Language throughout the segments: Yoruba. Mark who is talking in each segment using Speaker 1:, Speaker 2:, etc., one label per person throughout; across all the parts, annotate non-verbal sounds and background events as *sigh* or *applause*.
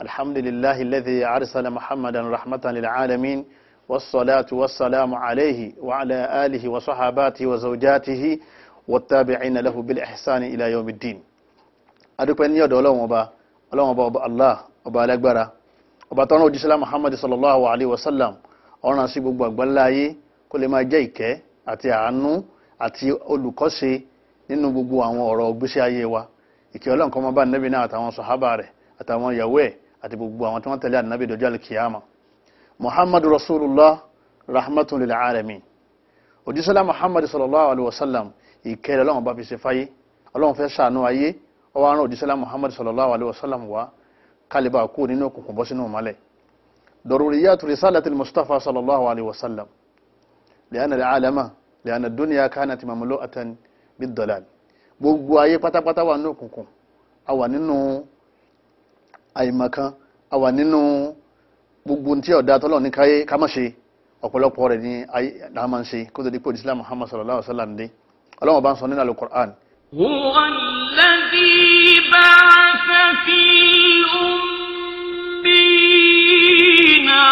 Speaker 1: الحمد لله الذي أرسل محمدا رحمة للعالمين والصلاة والسلام عليه وعلى آله وصحاباته وزوجاته والتابعين له بالإحسان إلى يوم الدين adúpẹ́ ní ọ̀dọ̀ ọlọ́run ọba ọlọ́run ọba ọba allah ọba alágbára ọba tọ́nà òjísọ́lá muhammad sallallahu alaihi wasallam ọ̀ràn sí gbogbo àgbáńlá ayé kó lè máa jẹ́ ìkẹ́ àti àánú àti olùkọ́ṣe nínú gbogbo àwọn ọ̀rọ̀ ògbésí ayé wa ìkẹ́ ọlọ́run kó máa bá nẹ́bí náà àtàwọn sọ̀hábà rẹ̀ àtàwọn ìyàwó ẹ̀ àti gbogbo àwọn tí wọ́n tẹ̀lé ànábì dọjọ́ alkiyama muhammadu rasulullah rahmatun lil alamin òjísọ́lá muhammadu sallallahu alaihi wasallam ìkẹrẹ ọlọ́run bá fi ṣe fáyé ọlọ́run fẹ́ ṣàánú ayé ọwọ́ arán òjísọ́lá muhammadu sallallahu alaihi wasallam wá kálíbà kú nínú òkùnkùn bọ́ sínú mọ́lẹ̀ ضروريات رسالة المصطفى صلى الله عليه وسلم لأن العالم لأن الدنيا كانت مملوءة بالضلال gbogbo ayé pátápátá wà nínú òkùnkùn a wà nínú àìmọ̀kan a wà nínú gbogbo tí ọ̀dà tọ́lọ̀ ní káyé ká má ṣe ọ̀pọ̀lọpọ̀ rẹ̀ ní ayé ń ṣe kó tó di pé òdìsílá Muhammad sallallahu alaihi wa sallam dé ọlọ́wọ́n bá ń sọ nínú alukur'an. huwa
Speaker 2: alladhi ba'atha fil ummiyina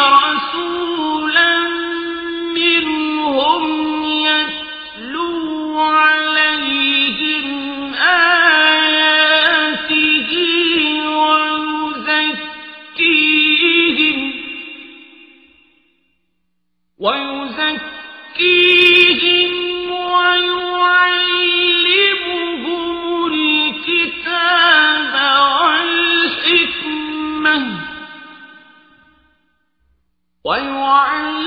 Speaker 2: ويزكيهم ويعلمهم الكتاب والحكمة ويعلمهم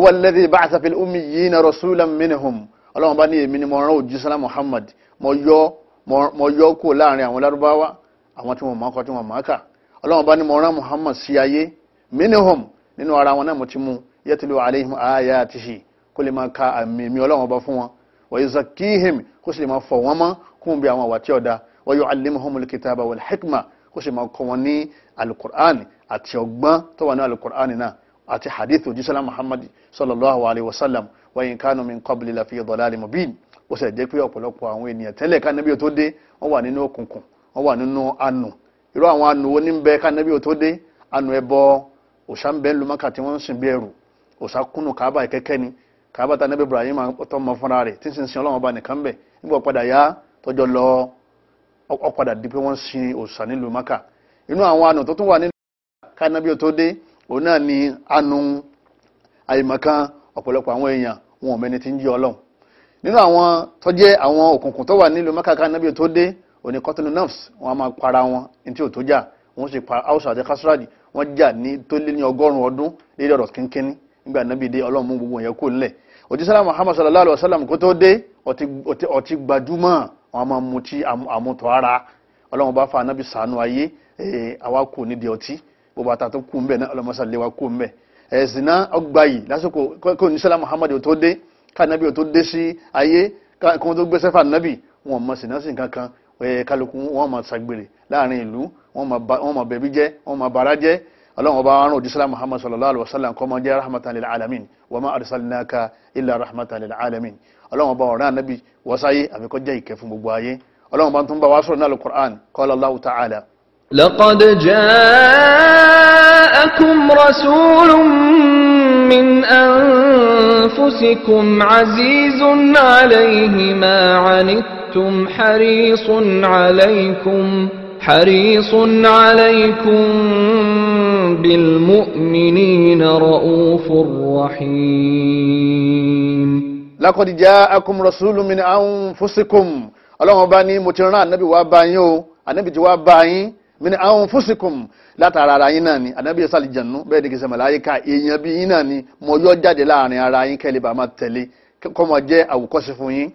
Speaker 1: huwa alladhi ba'atha fil ummiyina rasulan minhum ọlọ́run bá ní èmi ni mo rán òjísọ́lá muhammad mo yọ mo yọ kó láàrin àwọn lárúbáwá àwọn tí wọ́n mọ̀ ọkọ̀ tí wọ́n mọ̀ ọ́kà ọlọ́run bá ní mo rán muhammad sí ayé minhum nínú ara wọn náà mo ti mú yatlu alayhim ayatihi kó lè máa ka àmì mi ọlọ́run bá fún wọn wa yuzakkihim kó sì lè máa fọ̀ wọ́n mọ́ kún bí àwọn àwàtí ọ̀dà wa yu'allimuhumul kitaba wal hikma kó sì máa kọ́ wọn ní alukur'an àti ọgbọ́n tó wà ní alukur'an náà àti hadith ojúsọ́lá muhammad sallallahu alayhi wasallam sallam wáyé min qabli la fi dalali mubin ó sì jẹ́ awon eniyan tele ènìyàn tẹ́lẹ̀ o to dé won wa ninu òkùnkùn wọ́n wà nínú anù irú àwọn anù wo ní bẹ kánábí tó dé anù ẹbọ òṣà ń bẹ lùmọ́kà tí wọ́n ń sìn bí ẹrù òṣà kúnnù káàbà kẹ́kẹ́ ni káàbà tá nábì ibrahim tó mọ fúnra rẹ̀ tí ń sin sin ọlọ́run ọba nìkan bẹ̀ lọ di òun náà ni anu àyèmọ̀kan ọ̀pọ̀lọpọ̀ àwọn èèyàn wọn ò mẹni tí ń jí ọlọ́run nínú àwọn tó jẹ́ àwọn òkùnkùn tó wà nílùú mẹ́kàkà nábì tó dé òní kọ́tùnú nafs wọn a máa para wọn ní tí ò tó jà wọn sì para Ausa àti Khazraj wọn jà ní tó lé ní ọgọ́rùn-ún ọdún lédè ọ̀rọ̀ kínkínní nígbà nábì dé ọlọ́run mú gbogbo yẹn kó lẹ̀ òjísàlá Muhammad sallallahu alayhi wa sallam kó tó dé ọtí gbajúmọ̀ wọn a máa mutí àmútọ̀ ara ọlọ́run bá fa nábì sànú ayé àwa kò nídìí ọtí gbogbo àtàtó kú mbẹ náà ọlọmọsá lé wa kú mbẹ ẹsìn náà ọgbà yìí lásìkò kó oníṣẹlá muhammadu tó dé kánábì tó dé sí ayé kó tó gbé sẹfà nábì wọn mọ sìnásìn kankan kálukú wọn mọ ṣàgbèrè láàrin ìlú wọn mọ bẹbí jẹ wọn mọ bàrà jẹ ọlọ́run ọba arán òjísọ́lá muhammad sallallahu alaihi wasallam kọ́ mọ́ jẹ́ rahmatan lil alamin wa ma arsalnaka illa rahmatan lil alamin ọlọ́run ọba ọ̀rán anabi wọ́sáyé àfikọ́ jẹ́ ìkẹ́ fún gbogbo ayé ọlọ́run ọba tún bá wá sọ̀rọ̀ náà lọ لقد جاءكم رسول من أنفسكم
Speaker 2: عزيز عليه ما عنتم حريص عليكم حريص عليكم بالمؤمنين رؤوف رحيم
Speaker 1: لقد جاءكم رسول من أنفسكم اللهم باني ni النبي وابانيو النبي جواب باني mini àwọn fúsìkùm látara ara yín náà ni ànábìyẹ sàlìjànú bẹ́ẹ̀ ni kìí sẹ́mọ̀lá ayé ká èèyàn bí yín náà ni mo yọ jáde láàrin ara yín kẹ́lẹ́ bá máa tẹ̀lé kọ́ máa jẹ́ àwòkọ́ṣe fún yín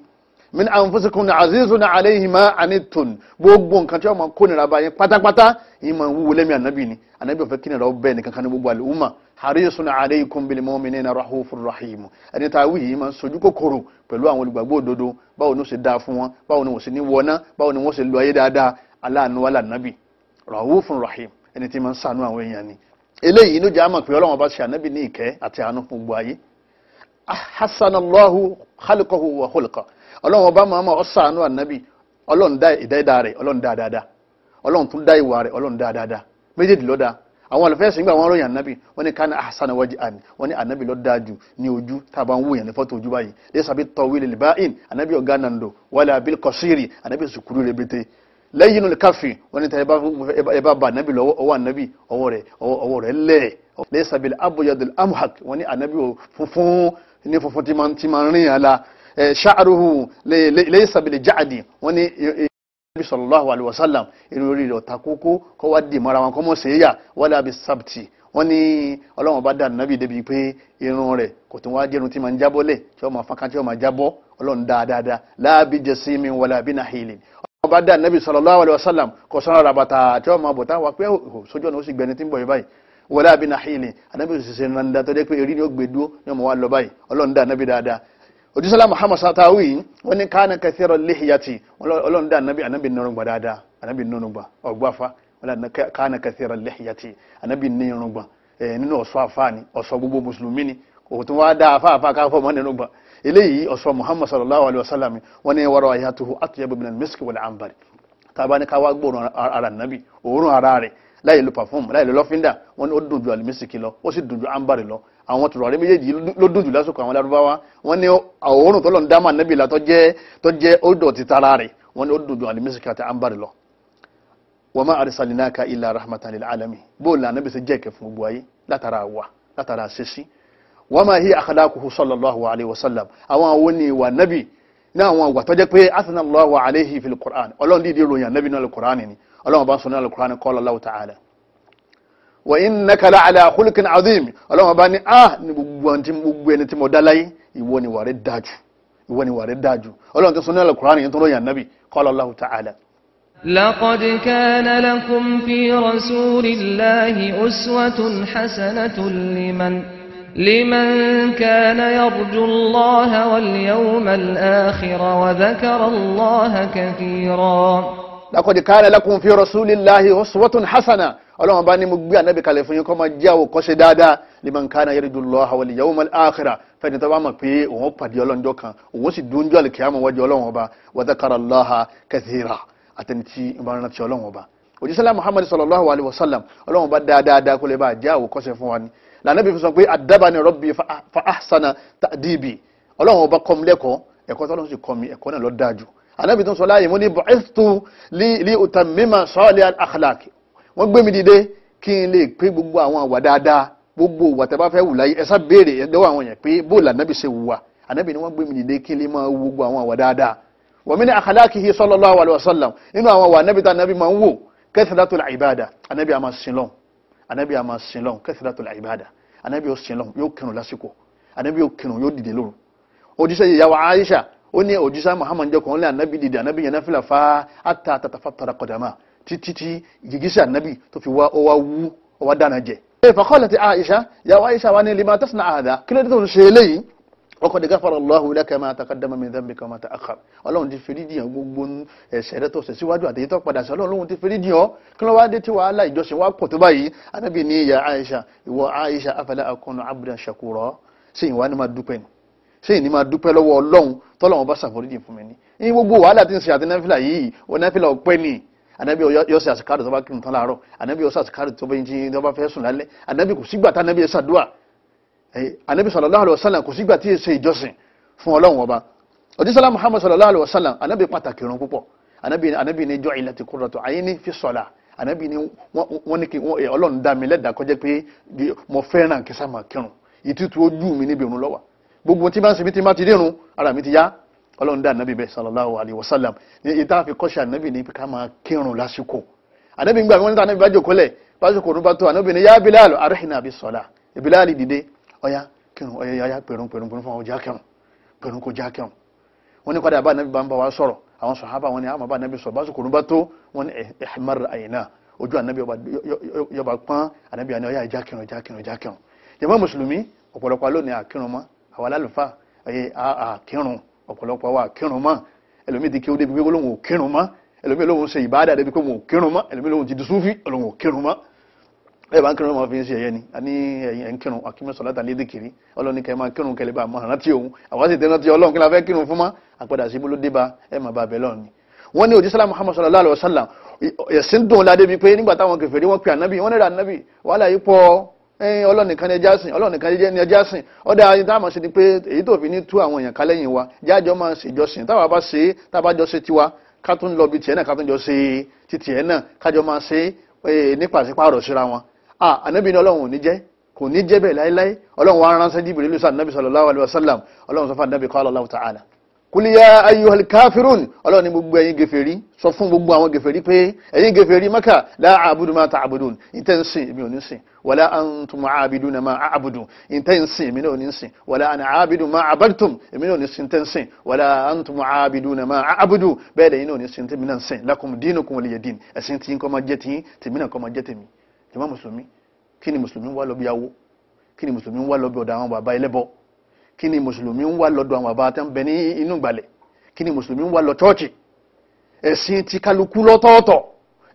Speaker 1: mini àwọn fúsìkùm ní azizun ní aléhìmá anitun gbogbo nǹkan tí wọ́n máa kónira bá yín pátápátá yín máa wúwo lẹ́mí ànábì ni ànábì ò fẹ́ kí nira ó bẹ́ẹ̀ ni kankan ní gbogbo àlùmọ́ harisun aleikum bil mu'minina rahufur rahim ẹni tá a wí yìí máa sojú kòkòrò pẹ̀lú àwọn olùgbàgbọ́ òdodo báwo ni ó ṣe dáa fún wọn báwo ni wọ́n ṣe ní wọná báwo ni wọ́n ṣe lu ayé dáadáa aláàánú wàlà nábì Raufun Rahim ẹni tí máa ń sànú àwọn èèyàn ni eléyìí inú jẹ́ àmọ̀ pé ọlọ́run bá ṣe ànábì ní ìkẹ́ àti àánú fún gbogbo ayé hasanallahu khalqahu wa khulqa ọlọ́run ọba máa ma ọ sànú ànábì ọlọ́run dá ìdẹ́dá rẹ̀ ọlọ́run dá dáadáa ọlọ́run tún dá ìwà rẹ̀ ọlọ́run dá dáadáa méjèèjì ló dáa àwọn àlùfẹ́sìn gbà wọ́n ròyìn ànábì wọ́n ní kánà ahsana wajhan wọ́n ní ànábì ló dáa jù ní ojú tàbá ń wòyàn ní fọ́tò ojú báyìí lẹ́sàbí tọ́wé lè báyìí ànábì ọ̀gá nàndò wàlẹ̀ abil kọ́sírì ànábì sùkúrú rẹ̀ bẹ́tẹ̀ lẹ́yìn inú káfí wọn ni tàbí ẹ bá ba ànábì lọ́wọ́ ọwọ́ ànábì ọwọ́ rẹ̀ ọwọ́ rẹ̀ lẹ̀ lẹ́sàbí abuyadul amhak wọn ni ànábì funfun ní funfun tí máa ti máa rìn àlà ṣáàrùhù lẹ́sàbí jáàdì wọn ni ànábì sallallahu alaihi wasallam irun orí rẹ̀ ọ̀tà kókó kọ́ wá dì mọ́ra wọn kọ́ mọ́ sèéyà wala bí sábtì wọn ni ọlọ́wọ́n bá dà ànábì débi pé irun rẹ̀ kò tún wá jẹrun tí máa ń jábọ́ lẹ̀ tí wọ́n máa fọ́nká tí wọ́n máa jábọ́ ọlọ́run dáadáa láàbí jẹ́sí mi wala bí nàhílì ọba dá nẹ́bí sallallahu alaihi wasallam kò sọ́nà rabata tí wọ́n máa bọ̀ táwọn pé sójú ọ̀nà ó sì gbẹni tí ń bọ̀ yìí báyìí wọlé àbínà hìlì ànábì òṣìṣẹ́ nàndà tó dé pé eré ni ó gbé dúó ni ọmọ wa lọ báyìí ọlọ́run nẹ́bí dáadáa òjísọ́lá muhammad satawi wọ́n ní kánà kẹsìrọ̀ lihiyati ọlọ́run nẹ́bí ànábì nírùngbà dáadáa ànábì nínú ọ̀ṣọ́ àfáà eléyìí ọ̀ṣọ́ muhammad sallallahu alayhi wa sallam wọn ní wàrà ayatuhu atyabu minal miski wal anbari tàbá ní ká wá gbóòórùn ara nàbì òórùn ara rẹ̀ láì lo perfume láì lo lọ́fíńdà wọn ní ó dùn ju alimisiki lọ ó sì dùn ju anbari lọ àwọn tùrọ̀rí méjèèjì ló dùn jù lásìkò àwọn Lárúbáwá wọn ní òórùn tó lọ́n dámà nàbì la tó jẹ́ ó dọ̀ ti tara wa ma hiya akhlaquhu sallallahu alayhi wa sallam àwọn àwọn ní ìwà nábì ní àwọn àgbà tó jẹ́ pé asana allahu alayhi fil qur'an ọlọ́run dídí ròyìn nábì náà qur'an ni ọlọ́run bá ń sọ náà qur'an qala Allahu ta'ala wa innaka la'ala khuluqin azim ọlọ́run bá ní ah ní gbogbo ẹni tí mo dá láyé ìwọ ni wàrẹ́ dájú ìwọ ni wàrẹ́ dájú ọlọ́run
Speaker 2: لقد كان لكم في رسول الله أسوة حسنة لمن لمن كان يرجو الله واليوم الآخر وذكر الله كثيرا
Speaker 1: لقد كان لكم في رسول الله أسوة حسنة ọlọ́run bá ní mo gbé ànábì kalẹ̀ fún yín kó máa jẹ́ àwòkọ́ṣe dáadáa liman kana yarju Allaha wal yawmal akhira fẹ́ni tó bá mọ̀ pé òun pàdé ọlọ́njọ́ kan òun sì dúnjọ́ àlùkìyàmọ̀ wájú ọlọ́run ọba wa dhakara Allaha kathira àtẹnití ìbáraẹnìtì ọlọ́run ọba òjísàlá Muhammad sallallahu alayhi wa sallam ọlọ́run bá dáadáa kó lè bá jẹ́ àwòkọ́ṣe fún wa ni lànàbí fi sọ pé adabani rabbi fa ahsana ta'dibi ọlọ́run ọba kọ́ mi lẹ́kọ̀ọ́ ẹ̀kọ́ tọ́lọ́run sì kọ́ mi ẹ̀kọ́ náà ló dáa jù ànábì tó ń sọ láàyè mo ní bu'istu li utammima salihal akhlaq wọ́n gbé mi dìde kí n lè pé gbogbo àwọn àwà dáadáa gbogbo ìwà tẹ́ bá fẹ́ wù láyé ẹ sá béèrè lọ́wọ́ àwọn èèyàn pé bó lànàbì ṣe wù wá ànábì ni wọ́n gbé mi dìde kí n lè máa wo gbogbo àwọn àwà dáadáa anabi yóò sin lọ yóò kírun lásìkò anabi yóò kírun yóò dìde lóru òjíṣẹ́ yìí aisha ó ní òjíṣẹ́ muhammad jẹ́ kàn lé anabi dìde anabi yẹn náfìlà fa ata tatafa tara kọ̀dàmà títí tí gìgísẹ̀ anabi tó fi wá ọwá wú ọwá dáná jẹ. ẹ faqalati aisha yàwó aisha wa ni lima tasna àdá kí ló dé tó ń ṣe eléyìí ọkọ̀dé gáfàrà Allahu laka ma taqaddama min dhanbika ma ta'akhkhar ọlọ́run ti fèrè dìyàn gbogbo ẹ̀ṣẹ̀ rẹ tó ṣẹ̀ síwájú àtẹ̀yìn tó padà sí ọlọ́run ti fèrè dìyàn kí ló wá dé tí wàhálà ìjọsìn wá pọ̀ tó báyìí anábì ní ìyá Aisha ìwọ Aisha afala akunu abdan shakura ṣé ìwà ni máa dúpẹ́ ni ṣé ìní máa dúpẹ́ lọ́wọ́ ọlọ́run tọ́lọ́run bá ṣàforíjì fún mi ni ní gbogbo wàhálà tí anabi yọ sí tó bá kírun tán láàárọ̀ tó bá fẹ́ sùn lálẹ́ anabi kò sígbà tá anabi yẹ sàdúà anabi eh, sallallahu alayhi wa sallam kò sígbà tí èsè ìjọsìn fún ọlọ́run ọba òjísàlá muhammad sallallahu alayhi wa sallam anabi pàtàkì irun púpọ̀ anabi ni ju'ilat qurratu ayni fi salah anabi ni wọ́n ní kí eh, ọlọ́run dá mi lẹ́dàá kọjá pé mo fẹ́ràn kí sá máa kírun ìtútù ojú mi níbi irun lọ́wọ́ gbogbo tí bá ń sinmi tí má ti dírun ara mi ti yá ọlọ́run dá anabi bẹ́ẹ̀ sallallahu alayhi wa sallam ìta fi kọ́ṣẹ́ anabi ni ká máa kírun lásìkò anabi ń gbà wọ́n ní ta anabi bá jòkó lẹ̀ bá jòkó ní bá tó anabi ni yá Bilal arihina bis salah Bilal dìde ọ̀yá kírun ọ̀yá ọ̀yá pèrún pèrún pèrún fún àwọn ọjà kírun pèrún kò já kírun wọ́n ní kọ́dà bá nàbí bá ń bá wa sọ̀rọ̀ àwọn sọ̀hábà wọn ni àmọ́ bá nàbí sọ̀rọ̀ bá sọ̀kòrò bá tó wọn ni ihmar eh, eh, àyìnà ojú ànábì yọba pọ́n ànábì àni ọ̀yá ìjà kírun ìjà kírun ìjà kírun jàmá mùsùlùmí ọ̀pọ̀lọpọ̀ alóòní àkírun mọ́ àwọn alálùfà àkírun ọ̀pọ̀lọpọ̀ wa àkírun mọ́ ẹlòmíì ti kí ó débi pé olóhùn òkírun mọ́ ẹlòmíì olóhùn ṣe ìbáàdà débi pé òun òkírun mọ́ ẹlòmíì olóhùn ti di súfì olóhùn òkírun mọ́ ẹ bá ń kírun máa fi ń ṣe ẹyẹ ni a ní ẹyìn ń kírun akímẹsọ látàlẹ dìkìrí ọlọ́ni kẹ máa kírun kẹlẹ bá a máa rántí òun àwa sì tẹ́lẹ̀ tí ọlọ́run kí la fẹ́ kírun fún ma àpàdà sí ibúlódé ba ẹ máa bá a bẹ̀ lọ́run ni. wọ́n ní òjísàlá muhammad sallallahu alayhi wa sallam ẹ̀sìn dùn ládé bíi pé nígbà táwọn kèfèrí wọ́n pe ànábì wọ́n nira ànábì wàhálà yìí pọ̀ ọlọ́nìkan ni ẹjá sìn ọlọ́nìkan ni ẹjá sìn ọ̀dà ayé táwọn ṣe ni pé èyí tó fi ní tú àwọn èèyàn kálẹ́yìn wa jájọ́ máa ń ṣèjọsìn táwa bá ṣe táwa jọ ṣe tiwa ká tún lọ bí tiẹ̀ náà ká tún jọ ṣe ti tiẹ̀ náà ká jọ máa ṣe nípasípàrọ̀ síra wọn ah anabi ni ọlọ́run ò ní jẹ́ kò ní jẹ́ bẹ́ẹ̀ láíláí ọlọ́run wa ránṣẹ́ jìbìrì lùsà anabi sallallahu alaihi wasallam ọlọ́run sọ fún anabi qala Allahu ta'ala kul ya ayyuhal kafirun ọlọ́run ni gbogbo ẹ̀yin gẹ̀fẹ̀rí sọ fún gbogbo àwọn gẹ̀fẹ̀rí pé ẹ̀yin gẹ̀fẹ̀rí maka la a'budu ma ta'budun ìtẹ́nsìn èmi ò ní sìn wala antum a'abiduna ma a'budu ìtẹ́nsìn èmi náà ní sìn wala ana a'abidu ma a'badtum èmi náà ní sìn tẹ́nsìn wala antum a'abiduna ma a'budu bẹ́ẹ̀ lẹ́yìn náà ní sìn tẹ́mi náà sìn lakum dinukum waliya din ẹ̀sìn tí kọ́ máa jẹ́ tí tèmi náà kọ́ máa jẹ́ tèmi jàmá mùsùlùmí kí ni mùsùlùmí ń wá lọ bí awó kí ni mùsùlùmí ń wá lọ bí ọ̀dọ̀ àwọn bàbá ẹlẹ́bọ kí ni mùsùlùmí ń wá lọ́dọ̀ àwọn bàbá tó ń bẹ ní inú ìgbàlẹ̀ kí ni mùsùlùmí ń wá lọ chọ́ọ̀chì ẹ̀sìn ti kálukú lọ́tọ̀ọ̀tọ̀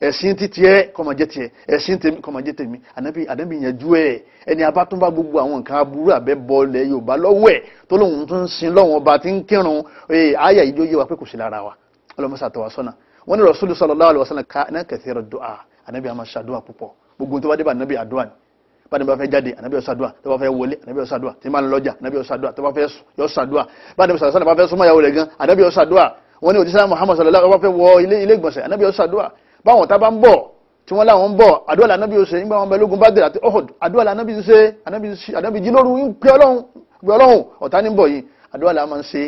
Speaker 1: ẹ̀sìn ti tiẹ̀ kó má jẹ́ tiẹ̀ ẹ̀sìn tèmi kó má jẹ́ tèmi ànábì ànábì yanjú ẹ̀ ẹni abátúnbá gbogbo àwọn nǹkan aburú abẹ́ bọ́ọ̀lẹ̀ yorùbá lọ́wọ́ ẹ̀ tó lóun tó ń sin lọ́wọ́n ọba tí ń kírun ee àyà yìí yé wa pé kò sí lára wa ọlọ́mọṣà tó wa sọ́nà wọ́n ní Rasulu sallallahu alaihi wasallam kana kathira du'a ànábì àmọ́ ṣàdúrà púpọ̀ gbogbo tó bá dé bá ànábì àdúrà ni báni bá fẹ́ jáde ànábì ó ṣàdúà tó bá fẹ́ wọlé ànábì ó ṣàdúà tí máa ń lọ́jà ànábì ó ṣàdúà tó bá fẹ́ sùn yó ṣàdúà báni bá sàdúà bá fẹ́ súnmọ́ ìyàwó rẹ̀ gan ànábì ó ṣàdúà wọ́n ní òjíṣẹ́ Muhammad sallallahu alaihi wasallam wọ ilé ilé ìgbọ̀nsẹ̀ ànábì ó ṣàdúà báwọn tá bá ń bọ̀ tí wọ́n láwọn ń bọ̀ àdúà lànábì ó ṣe nígbà wọn bẹ lógun Badr àti Uhud àdúà lànábì ṣe ànábì jí lóru pé Ọlọ́run ọ̀tá ní bọ̀ yìí àdúà làá máa ń ṣe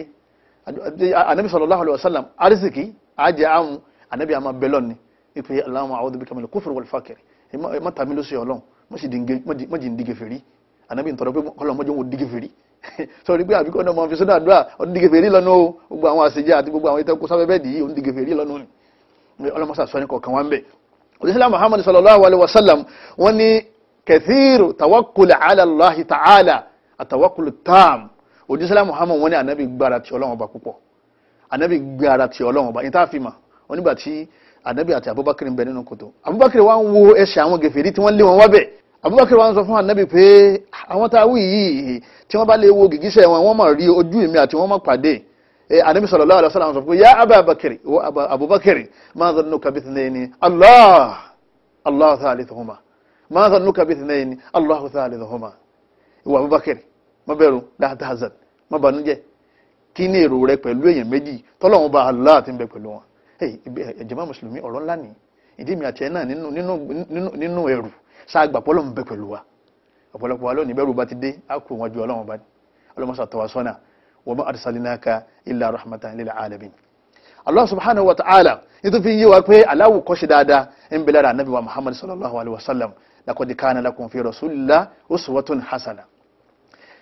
Speaker 1: ànábì sallallahu alaihi wasallam arísìkì àjẹ àmú ànábì àmà bẹ́lọ́ni ìpè Allahumma a'udhu bika minal kufri wal fakiri má ta mí lóṣù ọlọ́run má jì ń di gèfèrí ànábì ń tọrọ pé ọlọ́run mọ́jọ́ wọn di gèfèrí *laughs* sọ̀rọ̀ pé àbíkọ́ náà mọ̀ fi sódà àdúrà ọdún di gèfèrí lọ́nà o gbogbo àwọn àṣejẹ àti gbogbo àwọn ìtẹ́kù sábẹ́bẹ́ dì í òun di gèfèrí lọ́nà ọlọ́mọṣà sọ ní kọ̀ọ̀kan wá ń bẹ̀ òṣìṣẹ́ muhammad sallallahu alayhi wa sallam wọ́n ní kẹ̀síìrù tawakkulẹ̀ ala allah ta'ala àtàwakulu tam òjísàlá muhammad wọn ni anabi gbára ti ọlọ́run ọba púpọ̀ anabi gbára ti ọlọ́run ọba yìí tá a fi mà tí anabi àti abubakar ń bẹ nínú kòtò abubakar wa ń wo ẹsẹ̀ àwọn gèfèrí tí wọ́n lé wọn wábẹ̀ abubakar wa ń sọ fún anabi pé àwọn tá a wí yìí tí wọ́n bá lè wo gìgísẹ̀ wọn wọ́n máa rí ojú mi àti wọ́n máa pàdé anabi sallallahu alaihi wasallam sọ pé ya abubakar wo abubakar ma zannuka bithnayni allah allah thalithuhuma ma zannuka bithnayni allah thalithuhuma ìwà abubakar má bẹ̀rù la tahzan má banújẹ́ kí ni èrò rẹ pẹ̀lú èèyàn méjì tọ́lọ́run bá allah ti ń bẹ pẹ̀lú wọn ẹ̀jẹ̀má mùsùlùmí ọ̀rọ̀ ńlá ni ìdí mi àti ẹ̀ náà nínú ẹ̀rù sáàgbà pọ́lọ́ ń bẹ pẹ̀lú wa ọ̀pọ̀lọpọ̀ wa lónìí bẹ́rù bá ti dé á kú wọn ju ọlọ́run bá ọlọ́mọṣà tọ́wa sọ́nà wa ma arsalinaka illa rahmatan lil alamin allah subhanahu wa ta'ala nítorí fi yé wa pé aláwò kọ́ṣe dáadáa ń bẹ lára anabi wa muhammad sallallahu alaihi wa sallam lakọ́dí kánà lakum fi rasulillah uswatun hasana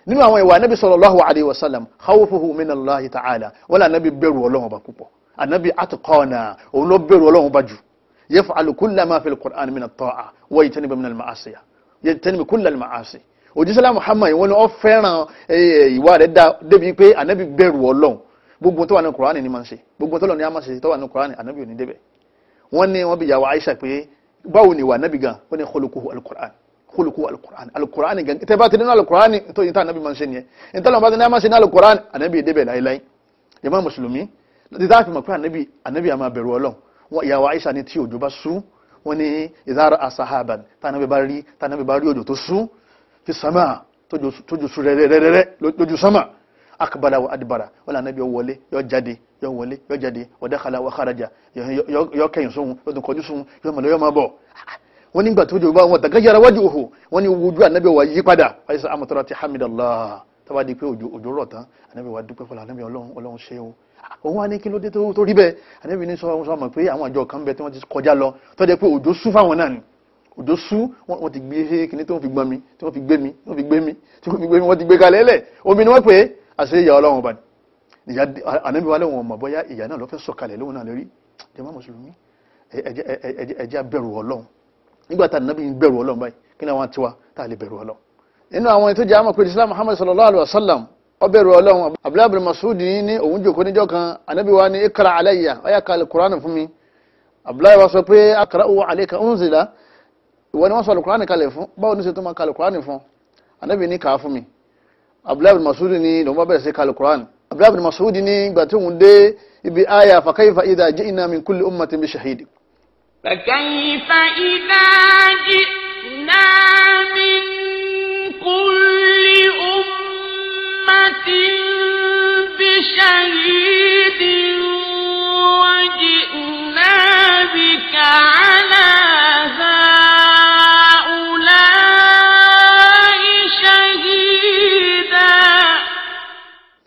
Speaker 1: nínú àwọn ìwà anabi sallallahu alaihi wa sallam khawfuhu min allahi ta'ala wala anabi bẹ̀rù ọlọ́run bá púpọ̀ anabi atikọ́ọ̀nà òun ló bẹ̀rù ọlọ́run bá jù yaf'alu kulla ma fil qur'an min at-ta'a wa yajtanibu min al-ma'asiya yajtanibu kulla al-ma'asi òjísàlá muhammad wọn ni wọn fẹ́ràn ìwà rẹ̀ débi pé anabi bẹ̀rù ọlọ́run gbogbo tó wà ní qur'an ni máa ń ṣe gbogbo tó lọ ní amase tó wà ní qur'an anabi ò ní débẹ̀ wọn ni wọn bi yàwó aisha pé báwo ni ìwà anabi gan wọn ni khuluquhu al-qur'an khuluquhu al gan tẹ bá ti ní al tó yin tá anabi máa ń ṣe nìyẹn ìtàlọ́ba ti ní amase ní al anabi ò débẹ̀ láéláé jàmáà mùsùlùmí ìdá àfihàn pé ànábì ànábì àmà bẹ̀rù ọlọ́run wọn ìyàwó Aisha ni tí òjò bá sú wọn ni ìdára asahaban tànábì bá rí tànábì bá rí òjò tó sú fi sàmà tójú sú rẹ̀rẹ̀rẹ̀ lójú sàmà akbala wa adibara wọn lànà bí wọlé yọ jáde yọ wọlé yọ jáde wọdákàlà wà kárajà yọ kẹyìn sóhun yọ tó kọjú sóhun yọ mọlẹ yọ máa bọ wọn nígbà tó jòwó bá wọn dàgájára wájú òhò wọn ni wojú ànábì wa yí padà àyíṣà amọ̀tọ́ra ti hamidallah tọ́ba pé òjò rọ̀ tán ànábì wa dúpẹ́ fọlá ànábì ọlọ́run ṣe o òun wá ní kí ló dé tó rí bẹ́ẹ̀ ànábì ní sọ́wọ́n sọ́wọ́n mọ̀ pé àwọn àjọ kan bẹ tí wọ́n ti kọjá lọ tó jẹ́ pé òjò sú fáwọn náà ni òjò sú wọ́n ti gbé kíní tí wọ́n fi gbọ́n mi tí wọ́n fi gbé mi tí wọ́n fi gbé mi tí wọ́n fi gbé mi wọ́n ti gbé kalẹ̀ lẹ̀ omi ni wọ́n pè é àṣẹ ìyá ọlọ́run ọba ìyá ànábì wa lẹ́wọ̀n mọ̀ bóyá ìyá náà ló fẹ́ sọ̀kalẹ̀ lóhun náà lórí jàmá mùsùlùmí ẹ̀jẹ̀ abẹ̀rù ọlọ́run nígbà tá ànábì ń bẹ̀rù ọlọ́run báyìí kí ni àwọn tiwa tá a lè bẹ̀rù ọlọ́run nínú àwọn ètò jẹ́ àmọ̀ Muhammad sallallahu alayhi wa sallam ọbẹ̀rù ọlọ́run abdullahi masudi ní òun jòkó níjọ́ kan anabi wa ní ikra alayya ọyà ka alukur'an fún mi abdullahi wa sọ pé akara owó aleka unzila ìwọ ni wọ́n sọ alukur'an kalẹ̀ fún báwo ní ṣe tó máa ka alukur'an fún anabi ní kàá fún mi abdullahi masudi ní lòun bá bẹ̀rẹ̀ sí ka alukur'an abdullahi masudi ní gbà tí òun dé ibi aya fa kayfa idha ji'na min kulli ummatin bi shahid.
Speaker 2: fa kayfa idha ji'na min kulli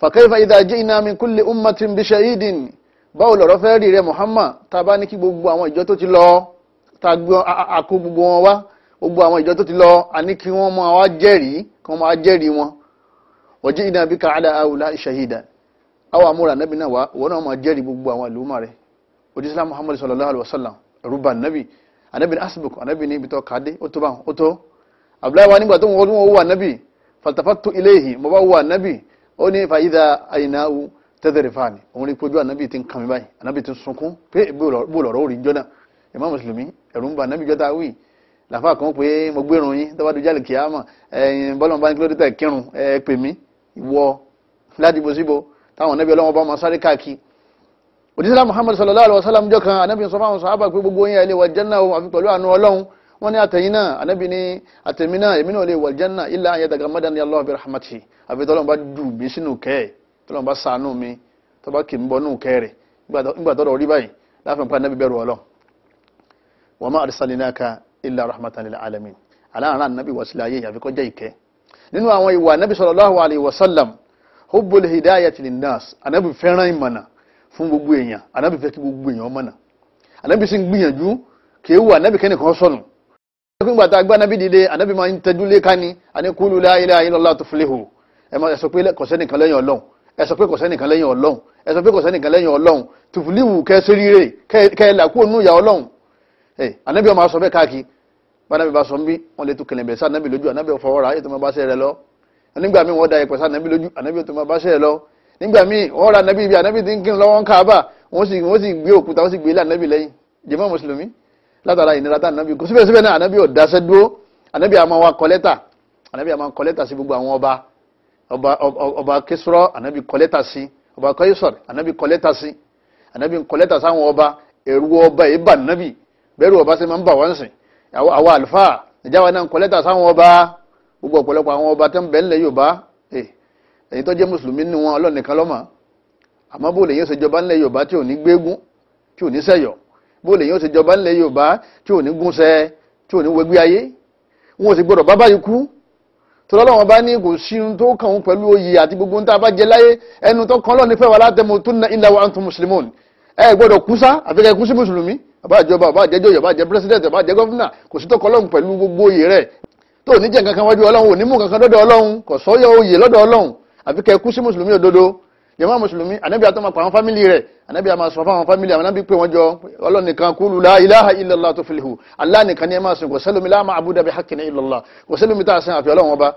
Speaker 1: fàkẹ́fà ìdájí iná mi kúlẹ̀ ummatin bí ṣahidin báwo lọ̀rọ̀ fẹ́ rí rẹ Muhammad ta bá ní kí gbogbo àwọn ìjọ tó ti lọ ta àkó gbogbo wọn wá gbogbo àwọn ìjọ tó ti lọ àní kí wọ́n máa wá jẹ́rìí kí wọ́n máa jẹ́rìí wọn wọ́jẹ́ iná bí ká àdá àwùlá ìṣàhídà àwọn amúra nábì náà wọ́n náà máa jẹ́rìí gbogbo àwọn àlùmọ́ rẹ̀ òjísílá muhammadu sallallahu alaihi wasallam rúbà nábì anábì asibuk anábì ní ibitọ́ kàdé ó tó bá ó tó abdullahi wa nígbà tó wọ́n wọ́n wà nábì faltafatu iléyìí mo bá wà nábì ó ní fàyídà àyìnáwó tẹ́tẹ̀rẹ̀ fáàní òun rí pojú anábì ti ń kàmí báyìí anábì ti ń sunkún pé bóòlọ̀rọ̀ ó rí jọ́nà ìmá mùsùlùmí ẹ̀rù ń ba kan pé mo gbérun yín tọ́wádùú jálè kìámà ẹ̀yìn bọ́lọ̀ bá ń kí lórí kírun ẹ̀ pè mí ìwọ ládìbò síbo táwọn nẹ́bí ọlọ́wọ́ bá ma sáré káàkiri òdísílá muhammad sallallahu alaihi wasallam jọ kan anábì sọ fáwọn sàábà pé gbogbo yẹn lè wọ jẹ́nà òun àfi pẹ̀lú àánú ọlọ́run wọ́n ní àtẹ̀yìn náà anábì ní àtẹ̀mí náà èmi náà lè wọ jẹ́nà illa an yataghammadani allah bi rahmatihi àfi tọ́lọ́n bá dù mí sínú kẹ́ ẹ̀ tọ́lọ́n bá sànú mi tó bá kì í bọ́ nù kẹ́ rẹ̀ nígbà tọ́rọ̀ rí báyìí láàfin pa anábì bẹ̀rù ọlọ́run wa ma arsalnaka illa rahmatan lil alamin aláàrán anábì wá sílẹ̀ ayé àfikọ́ jẹ́ ìkẹ́ nínú àwọn ìwà anábì sallallahu alayhi wa sallam hubbul hidayati linnas anábì fẹ́ràn ìmọ̀nà fún gbogbo èèyàn anábì fẹ́ kí gbogbo èèyàn mọ̀nà anábì sì ń gbìyànjú kì í wù anábì kẹ́nìkan sọnù nígbà tá a gbá anábì dìde anábì máa ń tẹjú lé kání àní kúlù la ilaha illallah tuflihu ẹ sọ pé kò sẹ́nìkan lẹ́yìn ọlọ́run ẹ sọ pé kò sẹ́nìkan lẹ́yìn ọlọ́run ẹ sọ pé kò sẹ́nìkan lẹ́yìn fanabi bá sọ nbí wọn lè tún kẹlẹ̀bẹ̀ sá anabi lójú anabi ọ̀fọwọ́ra ayé tó máa bá sẹ́ rẹ lọ nígbà míì wọ́n da ìpẹ́ sá anabi lójú anabi tó máa bá sẹ́ rẹ lọ nígbà míì wọ́n ra anabi ibi anabi ti ń kírun lọ́wọ́ ń káàbà wọ́n sì wọ́n sì gbé òkúta wọ́n sì gbé ilé anabi lẹ́yìn jẹ́mọ́ mùsùlùmí látara ìnira tá anabi kò síbẹ̀síbẹ̀ náà anabi ò dáṣẹ́ dúró anabi àmọ́ wa kọ́lẹ́tà anabi àmọ́ kọ́lẹ́tà sí gbogbo àwọn ọba ọba ọba kesoro anabi kọ́lẹ́tà sí ọba kọ́yísọ̀rẹ̀ anabi kọ́lẹ́tà sí anabi kọ́lẹ́tà sáwọn ọba ẹ̀rù àwọn àlùfáà ìjáwá náà ń kọ lẹ́tà sáwọn ọba gbogbo ọ̀pọ̀lọpọ̀ àwọn ọba tó ń bẹ ńlẹ̀ Yorùbá eh, ẹ̀yin tó jẹ́ mùsùlùmí ni wọn Ọlọ́run nìkan ló mọ̀ àmọ́ bó lè yín ṣe jọba ńlẹ̀ Yorùbá tí ò ní gbégún tí ò ní sẹ̀yọ̀ bó lè yín ṣe jọba ńlẹ̀ Yorùbá tí ò ní gúnṣẹ́ tí ò ní wẹgbẹ́ ayé wọn ò sì gbọdọ̀ bá báyìí kú tọ́lọ́wọ́n bá ní kò sí ohun tó kàn ń pẹ̀lú oyè àti gbogbo ohun tá a bá jẹ láyé ẹnu tó kàn lọ́ọ̀ nífẹ̀ẹ́ wà látẹ̀mọ́tún illa wa antum muslimun ẹ gbọdọ̀ kúsá àfikẹ́ kú sí mùsùlùmí àbájọba àbájẹjọyọ àbájẹ pírẹsidẹǹtì àbájẹ gọfúnà kò sí tọkọ ọlọ́run pẹ̀lú gbogbo oyè rẹ tó ní jẹ nǹkan kan wájú ọlọ́run ò ní mú kankan lọ́dọ̀ ọlọ́run kò sọyọ oyè lọ́dọ̀ ọlọ́run àfi kẹ kú sí mùsùlùmí òdodo jàmá mùsùlùmí ànábì àtọmọ pa àwọn fámìlì rẹ ànábì àmà sọ fáwọn fámìlì àwọn ànábì pé wọn jọ ọlọ́run nìkan kúlù la ilaha illallah tuflihu Allah nìkan ni ẹ máa sìn kò sẹlómi láàmà abudu bi haqqin illallah kò sẹlómi tá a sìn àfi ọlọ́run ọba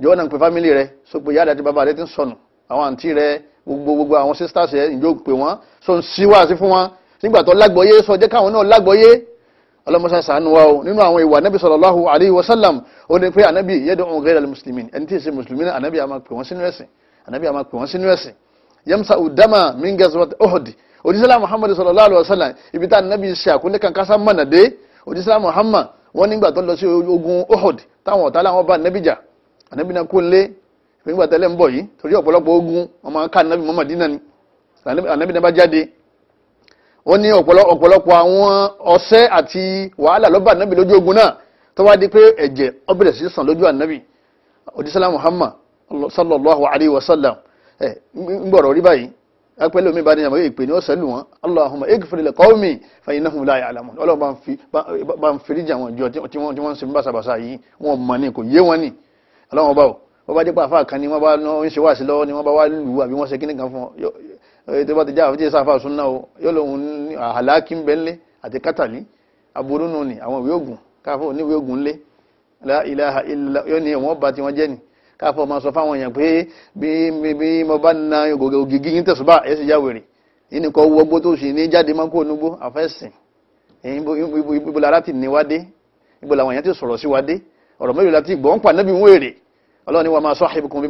Speaker 1: jọ̀wọ́ náà ń pe fámìlì rẹ so pé yáda àti bàbá rẹ ti ń sọnù àwọn àǹtí rẹ gbogbo gbogbo àwọn sisters rẹ ìjọ pè wọn so ń síwáàsí fún wọn nígbà tó lágbọ́yé sọ jẹ́ káwọn náà lágbọ́yé ọlọ́mọṣá sànù wa o nínú àwọn ìwà anábì sallallahu alayhi wa sallam ó ní pé anábì yad'u ghayra al-muslimin ẹni tí ì ṣe mùsùlùmí náà anábì àmà pè wọ́n sínú ẹ̀sìn anábì àmà pè wọ́n sínú ẹ̀sìn yamsa udama min ohodi. Odisala Muhammad sallallahu alayhi wa sallam ibi tá anábì ṣe àkúnlẹ̀ kan kásá mọ̀nà dé òjísàlá Muhammad wọ́n nígbà tó lọ sí ogun Uhud táwọn ọ̀tá láwọn bá anábì jà anábì náà kó ń lé nígbà tẹ́lẹ̀ ń bọ̀ yìí torí ọ̀pọ̀lọpọ̀ ogun ọmọ aká anábì Muhammad dínà ni anábì náà bá jáde ó ní ọ̀pọ̀lọpọ̀ àwọn ọ̀sẹ́ àti wàhálà ló bá ànábì lójú ogun náà tó wá di pé ẹ̀jẹ̀ ó bẹ̀rẹ̀ sí sàn lójú ànábì odisala muhammad sallallahu alayhi wa sallam ẹ̀ ń gbọ̀rọ̀ rí báyìí apẹ́lẹ́ omi bá ní àmọ́ ìpè ní ọ̀sẹ̀ lù wọ́n allahumma ighfir li qawmi fa innahum la ya'lamun ọlọ́run bá ń fìrí jà wọn jọ tí wọ́n ń ṣe bàṣàbàṣà yìí wọn mọ̀ ní kò yé wọn ní ọlọ́run bá wọ́n ni wọ́n bá ń ṣe wáàsí lọ́wọ́ tó bá ti já àfijẹ́ sáfà súnná o yóò lòun ní àhàlákí ń bẹ́ ńlé àti kátàlí aburú nù àwọn ìwé ògùn káfọ́ oníwé ògùn ńlé láìláha yóò ní ẹ̀wọ̀n ọba tí wọ́n jẹ́ ni káfọ́ máa sọ fáwọn èèyàn pé bí mo bá na ògìgí yín tẹ̀sùbà ẹ̀ sì jáwèrè yìí nìkan owó ọgbó tó sì ní jáde máa ń kó onugbó àfẹ́sìn ibo lára ti ní wádé ibo làwọn èèyàn ti sọ̀rọ̀ sí wádé ọ̀rọ̀ mélòó láti gbọ́n pà níbi wọ́n èrè ọlọ́run ni wọ́n máa sọ àìbùkún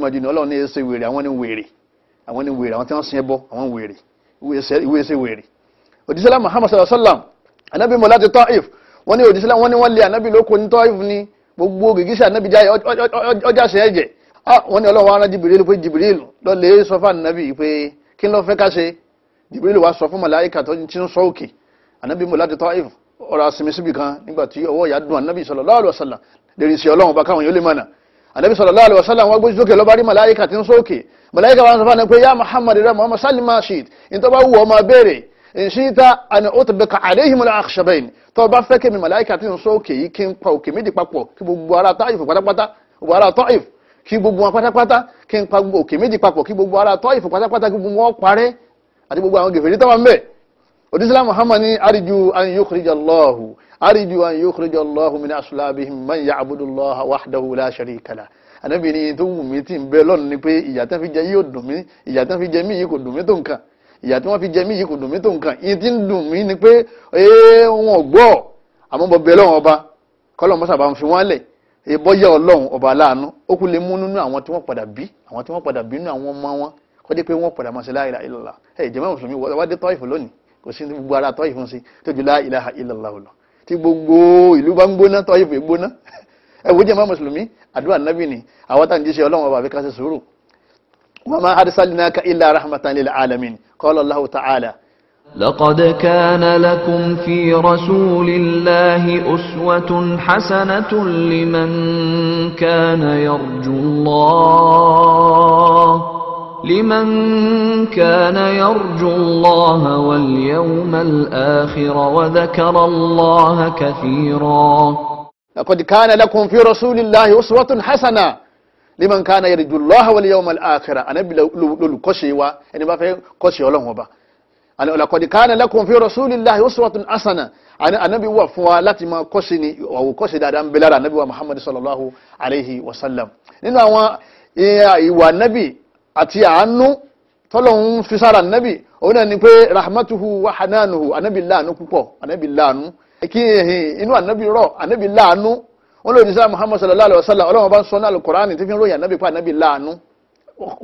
Speaker 1: bí àwọn ni wèrè àwọn tí wọ́n sin ẹbọ àwọn wèrè ìwé ẹsẹ̀ wèrè òdìsẹ́lá Muhammad sallallahu alayhi wa sallam anabi mọ̀ láti Taif wọ́n ní òdìsẹ́lá wọ́n ní wọ́n lé anabi lóko ní Taif ní gbogbo gègésì anabi jáyẹ ọjà sẹ́ ẹ̀jẹ̀ ah, wọ́n ní ọlọ́wọ́ ara Jibril pé Jibril lọ lè sọ fún anabi pé kí ló fẹ́ ká ṣe Jibril wá sọ fún màláìka tó ti ń sọ òkè anabi mọ̀ láti Taif ọ̀rọ̀ àsìmísíbì kan nígbà tí ọwọ́ ìyá dùn anabi sallallahu alayhi wa sallam lè rìn sí ọlọ́run bá káwọn yóò lè mọ̀nà ànábì sallallahu alaihi wasallam wọ́n gbójú sókè lọ́ba rí màláyíkà tí ń sókè màláyíkà wọn sọ fún pé yá muhammad rẹ muhammad salima shit ní tó bá wù ọ máa béèrè in shita an utbika alayhim al-akhshabayn tó tí ń sókè yìí kí n pa òkè méjì papọ̀ kí gbogbo ara Ta'if pátápátá gbogbo ara Ta'if kí gbogbo wọn pátápátá kí n pa òkè méjì papọ̀ kí gbogbo ara Ta'if pátápátá kí gbogbo wọn parẹ́ àti gbogbo àwọn gèfèrè tó wà ń bẹ̀ muhammad ní arju an yukhrijallahu aridu an yukhrija Allahu min aslabihim man ya'budu Allaha wahdahu la sharika lah ànábì ni tó wù mí tí ń bẹ lọ́nà ni pé ìyà tán fi jẹ yìí ò dùn mí ìyà tán fi jẹ mí yìí kò dùn mí tó nǹkan ìyà tí wọ́n fi jẹ mí yìí kò dùn mí tó nǹkan ìyẹn ti ń dùn mí ni pé ee wọn gbọ́ àmọ́ bọ bẹ lọ́wọ́n ọba kọ́lọ́ mọ́sá bá ń fi wọ́n lẹ̀ ìbọ́yá ọlọ́run ọba aláàánú ó kú lè mú nínú àwọn tí wọ́n padà bí àwọn tí wọ́n padà bí nínú àwọn ọmọ wọn kọ́ tí gbogbo ìlú bá ń gbóná tó ayé fò gbóná ẹ wo jẹ́ máa mùsùlùmí àdúrà nábì ni àwọn tá táwọn jíṣẹ́ ọlọ́run ọba àfikà ṣe sùúrù wa ma ká illa rahmatan lil alamin qala Allahu ta'ala.
Speaker 2: لقد كان لكم في رسول الله أسوة حسنة لمن كان يرجو الله لمن كان يرجو الله واليوم الآخر وذكر
Speaker 1: الله كثيرا لقد كان لكم في رسول الله أسوة حسنة لمن كان يرجو الله واليوم الآخر أنا بلول كشي وأنا يعني بفهم كشي ولا هو أنا لقد كان لكم في رسول الله أسوة حسنة أنا أنا بوا فوالات ما كشني أو كشي دارم بلال النبي محمد صلى الله عليه وسلم لأنه يا إيه إيوة النبي àti àánú tọ́lọ́hún fi sára ànábì òun náà ni pé rahmatuhu wa hananuhu ànábì láàánú púpọ̀ ànábì láàánú kí inú ànábì rọ̀ ànábì láàánú wọn lòdì sáà muhammad sallallahu alayhi wa sallam ọlọ́wọ́n bá ń sọ náà alukur'an tí fi ń ròyìn ànábì pa ànábì láàánú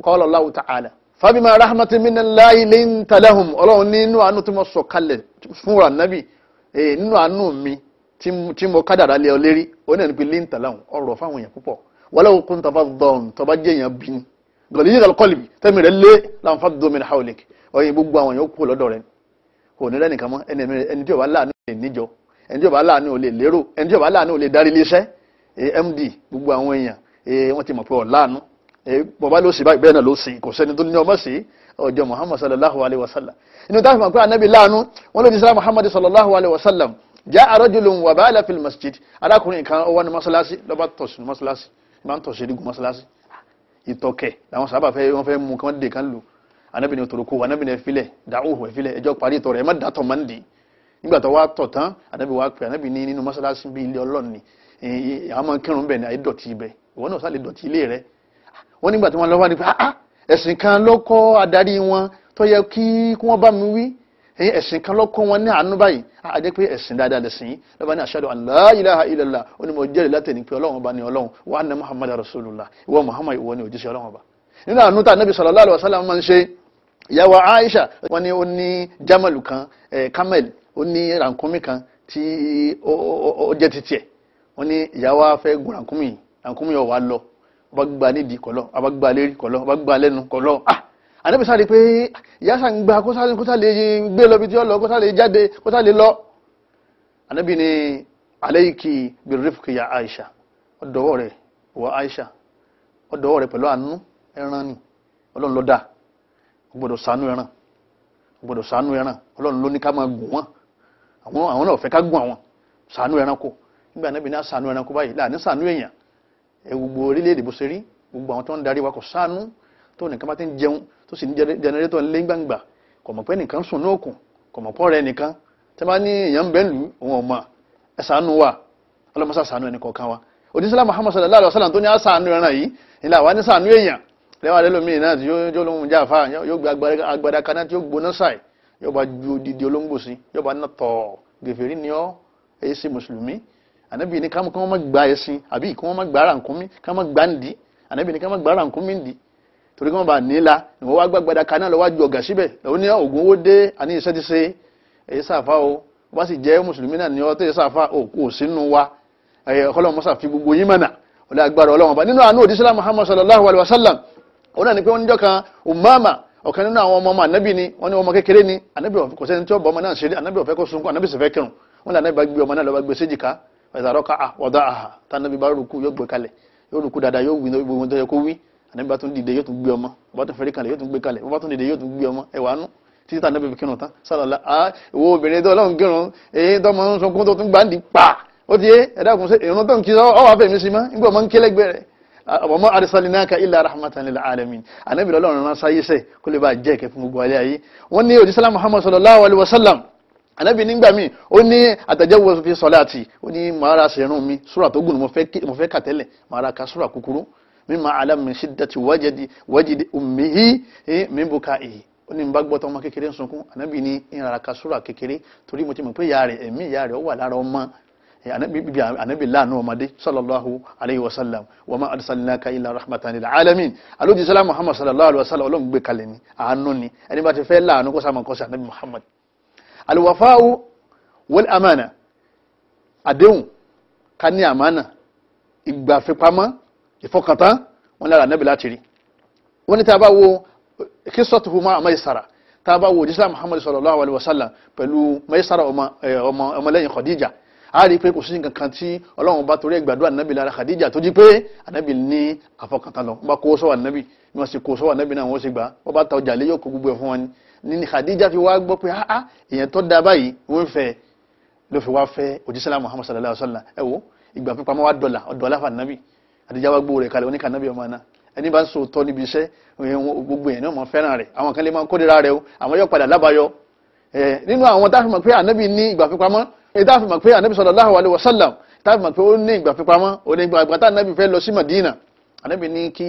Speaker 1: qala Allahu ta'ala fabima rahmatin minallahi linta lahum ọlọ́wọ́n ní inú àánú tí mo sọ kalẹ̀ fún ànábì nínú àánú mi tí mo kádàrá lé ọ lérí òun náà ni pé linta lahum fáwọn èèyàn púpọ̀ walau kunta faddan tó bá jẹ́ èèyàn bí gọ̀lì yìí kọlìbì tẹ́mi rẹ̀ lé láǹfàdó min hawlik ọyìn gbogbo àwọn èèyàn kú lọ́dọ̀ rẹ̀ kò ní rẹ́nìkan mọ́ ẹni tí ò bá láàánú lè níjọ ẹni tí ò bá láàánú ò lè lérò ẹni tí ò bá láàánú ò lè darí iléeṣẹ́ md gbogbo àwọn èèyàn wọ́n ti mọ̀ pé ọ̀ láàánú bọ̀bá ló sì báyìí bẹ́ẹ̀ náà ló sì kò sẹ́ni tó ní ọmọ sí ọjọ́ muhammad sallallahu alayhi wa sallam inú táwọn ìmọ̀ pé anabi láàánú wọn ló di sara muhammad sallallahu alayhi wa sallam ìtọ̀kẹ̀ làwọn sábà fẹ́ wọ́n fẹ́ mú kán dè kán lò anabi ni otoroku anabi ni ẹfilẹ da'uhu ẹfilẹ ẹjọ parí ìtọ̀ rẹ̀ ẹ má dàtọ̀ máa ń di nígbà tó wá tọ̀ tán anabi wá pè anabi ní nínú mọ́sálásí bíi ilé ọlọ́run ni àwọn máa ń kírun bẹ̀ ní ayé dọ̀tí ibẹ̀ ìwọ náà sálẹ̀ dọ̀tí ilé rẹ̀ wọ́n nígbà tí wọ́n lọ́wọ́ ni pé ah, ah, ẹ̀sìn kan ló kọ́ adarí wọn tó yẹ kí wọ́n bá mi wí ẹ̀sìn kan lọ́kọ́ wọn ní àánú báyìí àdé pé ẹ̀sìn dáadáa lẹ̀sìn yìí lọ́ba ní ashadu an la ilaha illallah ó ní mo jẹ́rìí látẹ̀ni pé ọlọ́run ọba ni ọlọ́run wa anna muhammadu rasulullah ìwọ muhammad ìwọ ni òjíṣẹ́ ọlọ́run ọba nínú àánú tá nabi sallallahu alaihi wasallam máa ń ṣe ìyàwó aisha wọn ni ó ní jamalu kan camel eh, ó ní rankumi kan tí ó jẹ́ titi ẹ̀ wọ́n ní ìyàwó afẹ́ gun rankumi rankumi ó wá lọ ọba gbà nídìí kọ̀lọ́ ọba ànábì sáré pé ìyá sàn gba kó sá lè gbé lọ bí tí ó lọ kó sá lè jáde kó sá lọ ànábì ni alayki birrifqi ya Aisha ọ̀dọ̀wọ́ rẹ̀ wọ Aisha ọ̀dọ̀wọ́ rẹ̀ pẹ̀lú àánú ẹran ni ọlọ́run ló dá gbọ́dọ̀ sànú ẹran gbọ́dọ̀ sànú ẹran ọlọ́run ló ní ká máa gùn wọn àwọn àwọn náà fẹ́ ká gùn àwọn sànú ẹranko nígbà ànábì náà sànú ẹranko báyìí láà ní sànú èèyàn ẹ gbogbo orílẹ̀-èdè bó ṣe rí gbogbo àwọn tó ń darí wa kò sànú tó nìkan bá ti ń jẹun tó sì ní jẹnẹrétọ̀ ńlé gbangba kò mọ̀ pé nìkan sùn ní òkun kò mọ̀ pọ́ rẹ nìkan tẹ́ bá ní èèyàn ń lù òun ọ̀ma ẹ wa ọlọ́mọṣà ṣàánú ẹnì kọ̀ọ̀kan wa òdísílá Muhammad sallallahu alaihi wasallam tó ní á ṣàánú ẹran yìí ilé àwa ní ṣàánú èèyàn lẹ́wà lẹ́lòmíì náà tí yóò lóhun já àfáà yóò gba agbada kaná tí yóò gbóná sáì yóò bá ju odidi olóńgbò sí yóò bá ná tọ̀ gèfèrí ni ọ́ èyí sí mùsùlùmí ànábì ní ká má gba ẹṣin torí kọ́mọ̀ bá nílá ìwọ́n wá gbàgbàdà kaná lọ́wọ́ ju ọ̀gá síbẹ̀ lọ́wọ́ ní oògùn ah, owó dé àní iṣẹ́ ti ṣe èyí sàfà o wọ́n sì jẹ́ mùsùlùmí náà ní ọtí sàfà òkú sínú wa ọlọ́run mọ́sà fi gbogbo yín mọ̀nà ọ̀lẹ́ agbára ọlọ́run bá nínú àánú òdísílá muhammad sallallahu alayhi wa sallam ó náà ní pé wọ́n níjọ́ kan umama ọ̀kan nínú àwọn ọmọ ọmọ ànábì ni wọ́n ní ọmọ kékeré ni ànábì kò sẹ́ni tí ó bọ́ ọmọ náà ṣeré ànábì ọ̀fẹ́ kó sunkún ànábì sì fẹ́ kírun wọ́n lànà ìbá gbé ọmọ náà lọ́wọ́ gbé séjìká ẹ̀sàrọ́kà wọ́dà àhà tànàbí bá rúkú yóò gbé kalẹ̀ yóò rúkú dáadáa yóò wí gbogbo tó yẹ kó wí ànábì bá tún dìde yóò tún gbé ọmọ bá tún fẹ́rí kalẹ̀ yóò tún gbé kalẹ̀ bá tún dìde yóò tún gbé ọmọ ẹ̀wà nú títí tàbí fi kírun tán sálàlá ìwọ obìnrin tó ọlọ́run kírun èyí tọmọ ń sunkún tó tún gbà ń di pa ó ti yé ẹ̀dá kùn sí ìrún tó ń kí ọwọ́ àfẹ́ mi sí mọ́ nígbà ọmọ ń kí lẹ́gbẹ̀ẹ́ rẹ̀ ọmọ arsalinaka illa rahmatan lil alamin ànábì ọlọ́run rán sáyé sẹ́ kó lè bá jẹ́ ìkẹ́ fún gbogbo alẹ́ ayé wọ́n ní òjísàlá muhammad sallallahu alaihi wasallam ànábì nígbà míì ó ní àtàjẹ́wò fi sọ́láàtì ó ní màá ra ṣẹ̀rùn mi súrà tó gùn mo fẹ́ kà tẹ́lẹ̀ màá ra ka súrà kúkúrú mímọ alámi ṣídàtì wájìdì ummihi e, min bukaihi ó ní bá gbọ́tọ̀ ọmọ kékeré ń sunkún ànábì ní ìrara kasúrà kékeré torí mo ti mọ̀ pé ìyá rẹ̀ ẹ̀mí ìyá rẹ̀ ó wà lára ọmọ e, ànábì láàánú ọmọdé sallallahu alayhi wa sallam wa ma arsalnaka illa rahmatan lil alamin alójú sálá muhammad sallallahu alayhi wa sallam ọlọ́run gbé kalẹ̀ ni àánú ni ẹni bá ti fẹ́ láàánú kó sáàmù kọ́sí ànábì muhammad alwafa'u wal amana àdéhùn ká ní àmánà ìgbàfipamọ́ ìfọkàntán wọn lára ànábì láti rí wọn ní tá a bá wo kí sọ́tù fún máa Maysara tá a bá wo jísà Muhammad sallallahu alayhi wa sallam pẹ̀lú Maysara ọmọlẹ́yìn Khadija a rí i pé kò sí nǹkan kan tí ọlọ́run bá torí ẹgbàdo ànábì lára Khadija tó jí pé ànábì ní àfọkàntán lọ wọn bá kó sọ́wọ́ ànábì ni wọ́n sì kó sọ́wọ́ ànábì náà wọ́n sì gbà wọ́n bá ta ọjà lé yóò kó gbogbo ẹ̀ fún wọn ni ni Khadija fi wá gbọ́ pé ah, ah èèyàn tó da báyìí wọ́n fẹ́ ló fi wá fẹ́ òjísàlá Muhammad sallallahu alayhi wa sallam ẹ ìgbà pípa máa dọ̀là ọ̀dọ̀là ànábì àdìjà wa gbowó rẹ̀ kalẹ̀ oníkà nábì ọmọ náà ẹni bá ń so tọ́ níbi iṣẹ́ gbogbo yẹn ní ọmọ fẹ́ràn rẹ̀ àwọn kan lè máa ń kórira rẹ̀ o àwọn yóò padà lábàáyọ nínú àwọn táfi mọ̀ pé ànábì ní ìgbà fipamọ́ táfi mọ̀ pé ànábì sallallahu alaihi wasallam táfi mọ̀ pé ó ní ìgbà fipamọ́ onígbàgbà tá ànábì fẹ́ lọ sí Madina ànábì ní kí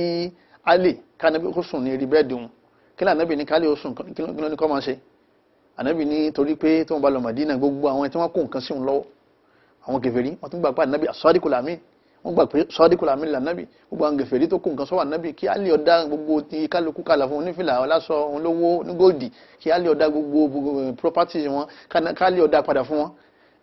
Speaker 1: Ali ká ànábì kó sùn ní eré bẹ́ẹ̀dì òun kí lè ànábì ní kí Ali ó sùn kí ló ní kọ́ máa ṣe ànábì ní torí wọ́n gbà pé sọ́díkùlà mi là nábì gbogbo àwọn gẹ̀fẹ̀rí tó kù nǹkan sọ́wọ́ nábì kí á lè ọ̀dá gbogbo ti kálukú kálà fún onífìlà ọlásọ olówó onígòdì kí á lè ọ̀dá gbogbo eh, properties wọn ká lè ọ̀dá padà fún wọn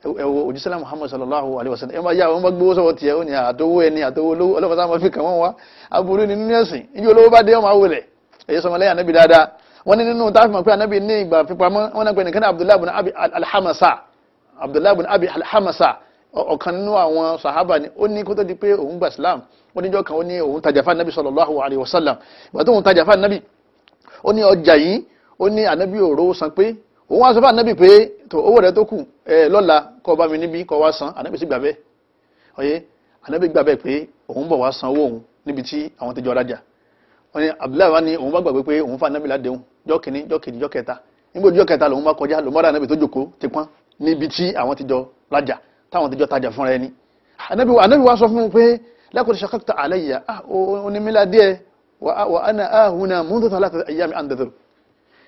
Speaker 1: ẹwọ òjísàlá muhammad sallallahu alaihi wasallam ẹ máa yá àwọn gbogbo sọwọ tiẹ ó ní àtọwọ ẹni àtọwọ olówó ọlọpàá sáà máa fi kàn wọn wá aburú ni nínú ẹsìn iye olówó bá dé ọmọ awolẹ ẹyẹ sọmọ anabi dáadáa wọn ní nínú táàfin mọ pé anabi ní ìgbà fipamọ wọn náà pẹ nìkan abdullahi bin abi alhamasa abdullahi bin abi alhamasa ọ̀kan nínú àwọn sahaba ni ó ní kó tó di pé òun gba islam ó níjọ́ kan ó ní òun tajà fún anabi sallallahu alayhi wa sallam ìgbà tó òun tajà fún anabi ó ní ọjà yìí ó ní anabi ò rówó san pé òun wá sọ fún anabi pé tó owó rẹ tó kù ẹ lọ́la kọ́ bá mi níbi kọ́ wá san anabi sì gbà bẹ́ẹ̀ ọ̀yẹ́ anabi gbà bẹ́ẹ̀ pé òun bọ̀ wá san owó òun níbi tí àwọn ti jọ rajà ó ní abdullahi wa ni òun bá gbàgbé pé òun fún anabi ládéhùn jọ́kìnní jọ́kìnní jọ́kẹta nígbà jọ́kẹta lòun bá kọjá lòun bá rà anabi tó jòkó ti níbi tí àwọn ti jọ rajà táwọn tẹjọ́ tajà fúnra ẹni anabi wa anabi wa sọ fún mi pé laqad shaqaqta alayya ah onímìlá díẹ̀ wa ana ahuna mundu thalatha ayyami andadhur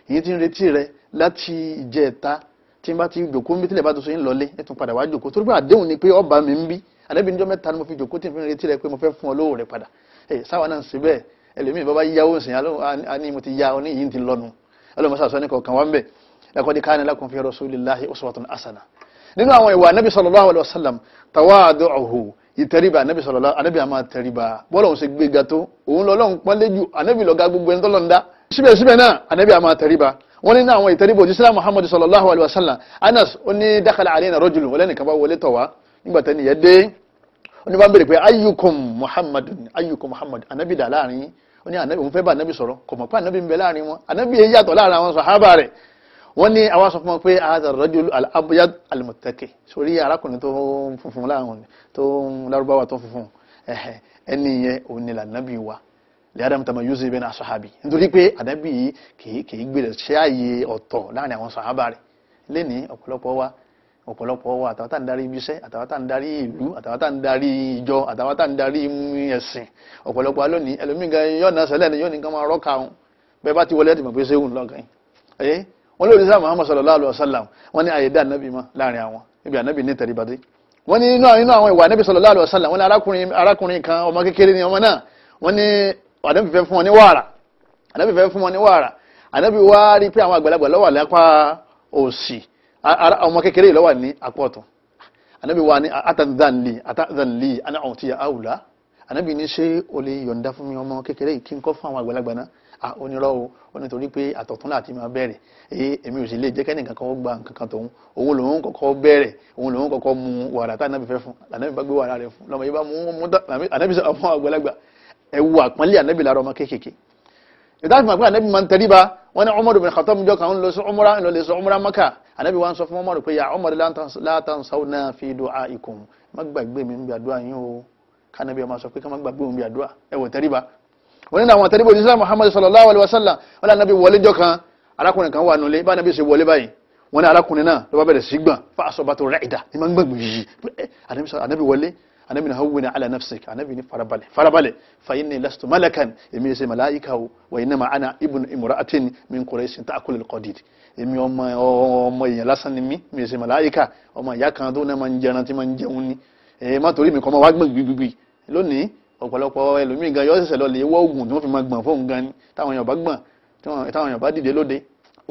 Speaker 1: èyí ti ń retí rẹ láti ìjẹta tí n bá ti jòkó ń bí tílẹ̀ bá tó so yín lọlé ẹ tún padà wá jòkó torí pé àdéhùn ni pé ọba mi ń bí àdébí níjọ́ mẹ́ta ni mo fi jòkó tí n fi retí rẹ pé mo fẹ́ fún ọ lówó rẹ padà ẹ sáwa náà ṣe bẹ́ẹ̀ ẹlòmíì bàbá yíyáwó ń sìn á ní mo ti yá ọ ní yìí ti lọ́nu ọlọ́mọ sàṣọ ní kọ̀ọ̀kan wá ń bẹ̀ laqad kana lakum fi rasulillahi uswatun hasana nínú àwọn ìwà anabi sallallahu alayhi wa sallam tawadu'uhu ìtẹríba anabi sallallahu anabi àmà tẹríba bọ́lá òun ṣe gbé ga tó òun lọ lọ́n pọ́n léjù anabi lọ́ga gbogbo ẹni tó lọ́n dá síbẹ̀síbẹ̀ náà anabi àmà tẹríba wọ́n nínú àwọn ìtẹríba òjísílá muhammadu sallallahu alayhi wa sallam anas ó ní dakhala alayna rajulun wọlé nìkan bá wọlé tọ̀ wá nígbà tẹ́ni yẹ dé ó ní bá ń bèrè pé ayyukum muhammadu ayyukum wọ́n ní àwa sọ fún wọn pé àádọ́ rọ́jò alábọ́yá alimọ̀tẹ́kẹ́ sórí arákùnrin tó ń funfun láàrùn tó ń lárúbáwá tó ń funfun ẹni yẹn òun ni lànàbí wa lẹ́yàdàmù tàbí yóò ṣe bẹ́ẹ̀ náà sọ́hábì nítorí pé ànábì yìí kìí gbèrè ṣé àyè ọ̀tọ̀ láàrin àwọn sọ́hábà rẹ̀ lẹ́ni ọ̀pọ̀lọpọ̀ wa ọ̀pọ̀lọpọ̀ wa àtàwọn tá à ń darí ibiṣẹ́ àtàwọn tá à ń darí ìlú àtàwọn tá à ń darí ìjọ àtàwọn tá ń darí ẹ̀sìn ọ̀pọ̀lọpọ̀ lónìí ẹlòmíì gan yọ̀nà sẹ́lẹ̀ ni yóò ní kán máa rọ́ka bẹ́ẹ̀ bá ti wọlé ẹ̀ wọ́n lórí sáà muhammad sallallahu alayhi wa sallam wọ́n ní àyè dá anabi mọ́ láàrin àwọn ibi anabi ní tẹ̀lébàdé wọ́n ní inú àwọn ìwà anabi sallallahu alayhi wa sallam wọ́n ní arákùnrin kan ọmọ kékeré ni ọmọ náà wọ́n ní anabi fẹ́ fún wọn ní wàrà anabi fẹ́ fún wọn ní wàrà anabi wá rí pé àwọn àgbàlagbà ló wà lápá òsì ọmọ kékeré ló wà ní apá ọ̀tún anabi wá ní atadhanli atadhanli ana ọ̀tí àwùlá anabi ní ṣé o lè yọ̀ǹda fún mi ọmọ kékeré kí n kọ́ fún àwọn àgbàlagbà náà onírọ́ o ó nítorí pé àtọ̀tún láti máa bẹ̀rẹ̀ ee èmi ò sì lè jẹ́ kẹ́nìkan kan ó gba nǹkan kan tòun òun lòun kọ́kọ́ bẹ̀rẹ̀ òun lòun kọ́kọ́ mu wàrà tá ànábì fẹ́ fún ànábì bá gbé wàrà rẹ̀ fún lọ́mọ yìí bá mú mú ànábì sọ̀rọ̀ fún àgbàlagbà ẹ̀wù àpọ́nlé ànábì lára ọmọ kéékèèké ìdáhùn fún ànábì máa ń tẹríba wọ́n ní Umar bin Khattab jọ kan lọ sí umra ń lọ lè sọ umra maka ànábì wa ń sọ fún Umar pé ya Umar la tansawna fi du'aikum má gbàgbé mi ń bí àdúrà yín o kánábì ọmọ sọ pé ká má gbàgbé òun bí àdúrà ẹ̀wọ̀ tẹríba òní ní àwọn tẹ́lifù ìsìlámù muhammadu sallallahu alayhi wa sallam wọn ní anabi wọlé jọ kan arákùnrin kan wà nulẹ̀ bá anabi ṣe wọlé báyìí wọn ní arákùnrin náà ló bá bẹ̀rẹ̀ sí gbọ̀n fa asabatu ra'ida ní máa ń gbàgbọ́ yìí anabi wọlé anabi na hawwini ala nafsik anabi ni farabalẹ̀ farabalẹ̀ fa inni malakan èmi ṣe malaika o wa innama ana ibnu imra'atin min quraishin ta'kulu alqadid èmi ọmọ ọmọ èèyàn lásán ni mí mi ṣe malaika ọmọ ìyá kan tó náà máa ń jẹran tí máa ń jẹun ni ẹ má torí mi kọ́ máa wá gbọ̀ngbìngbì lónìí ọ̀pọ̀lọpọ̀ ẹlòmíì gan yọ ṣẹ̀ṣẹ̀ lọ lè wọ́ oògùn tí wọ́n fi máa gbọ̀n fóun gan ni táwọn èèyàn bá gbọ̀n táwọn èèyàn bá dìde lóde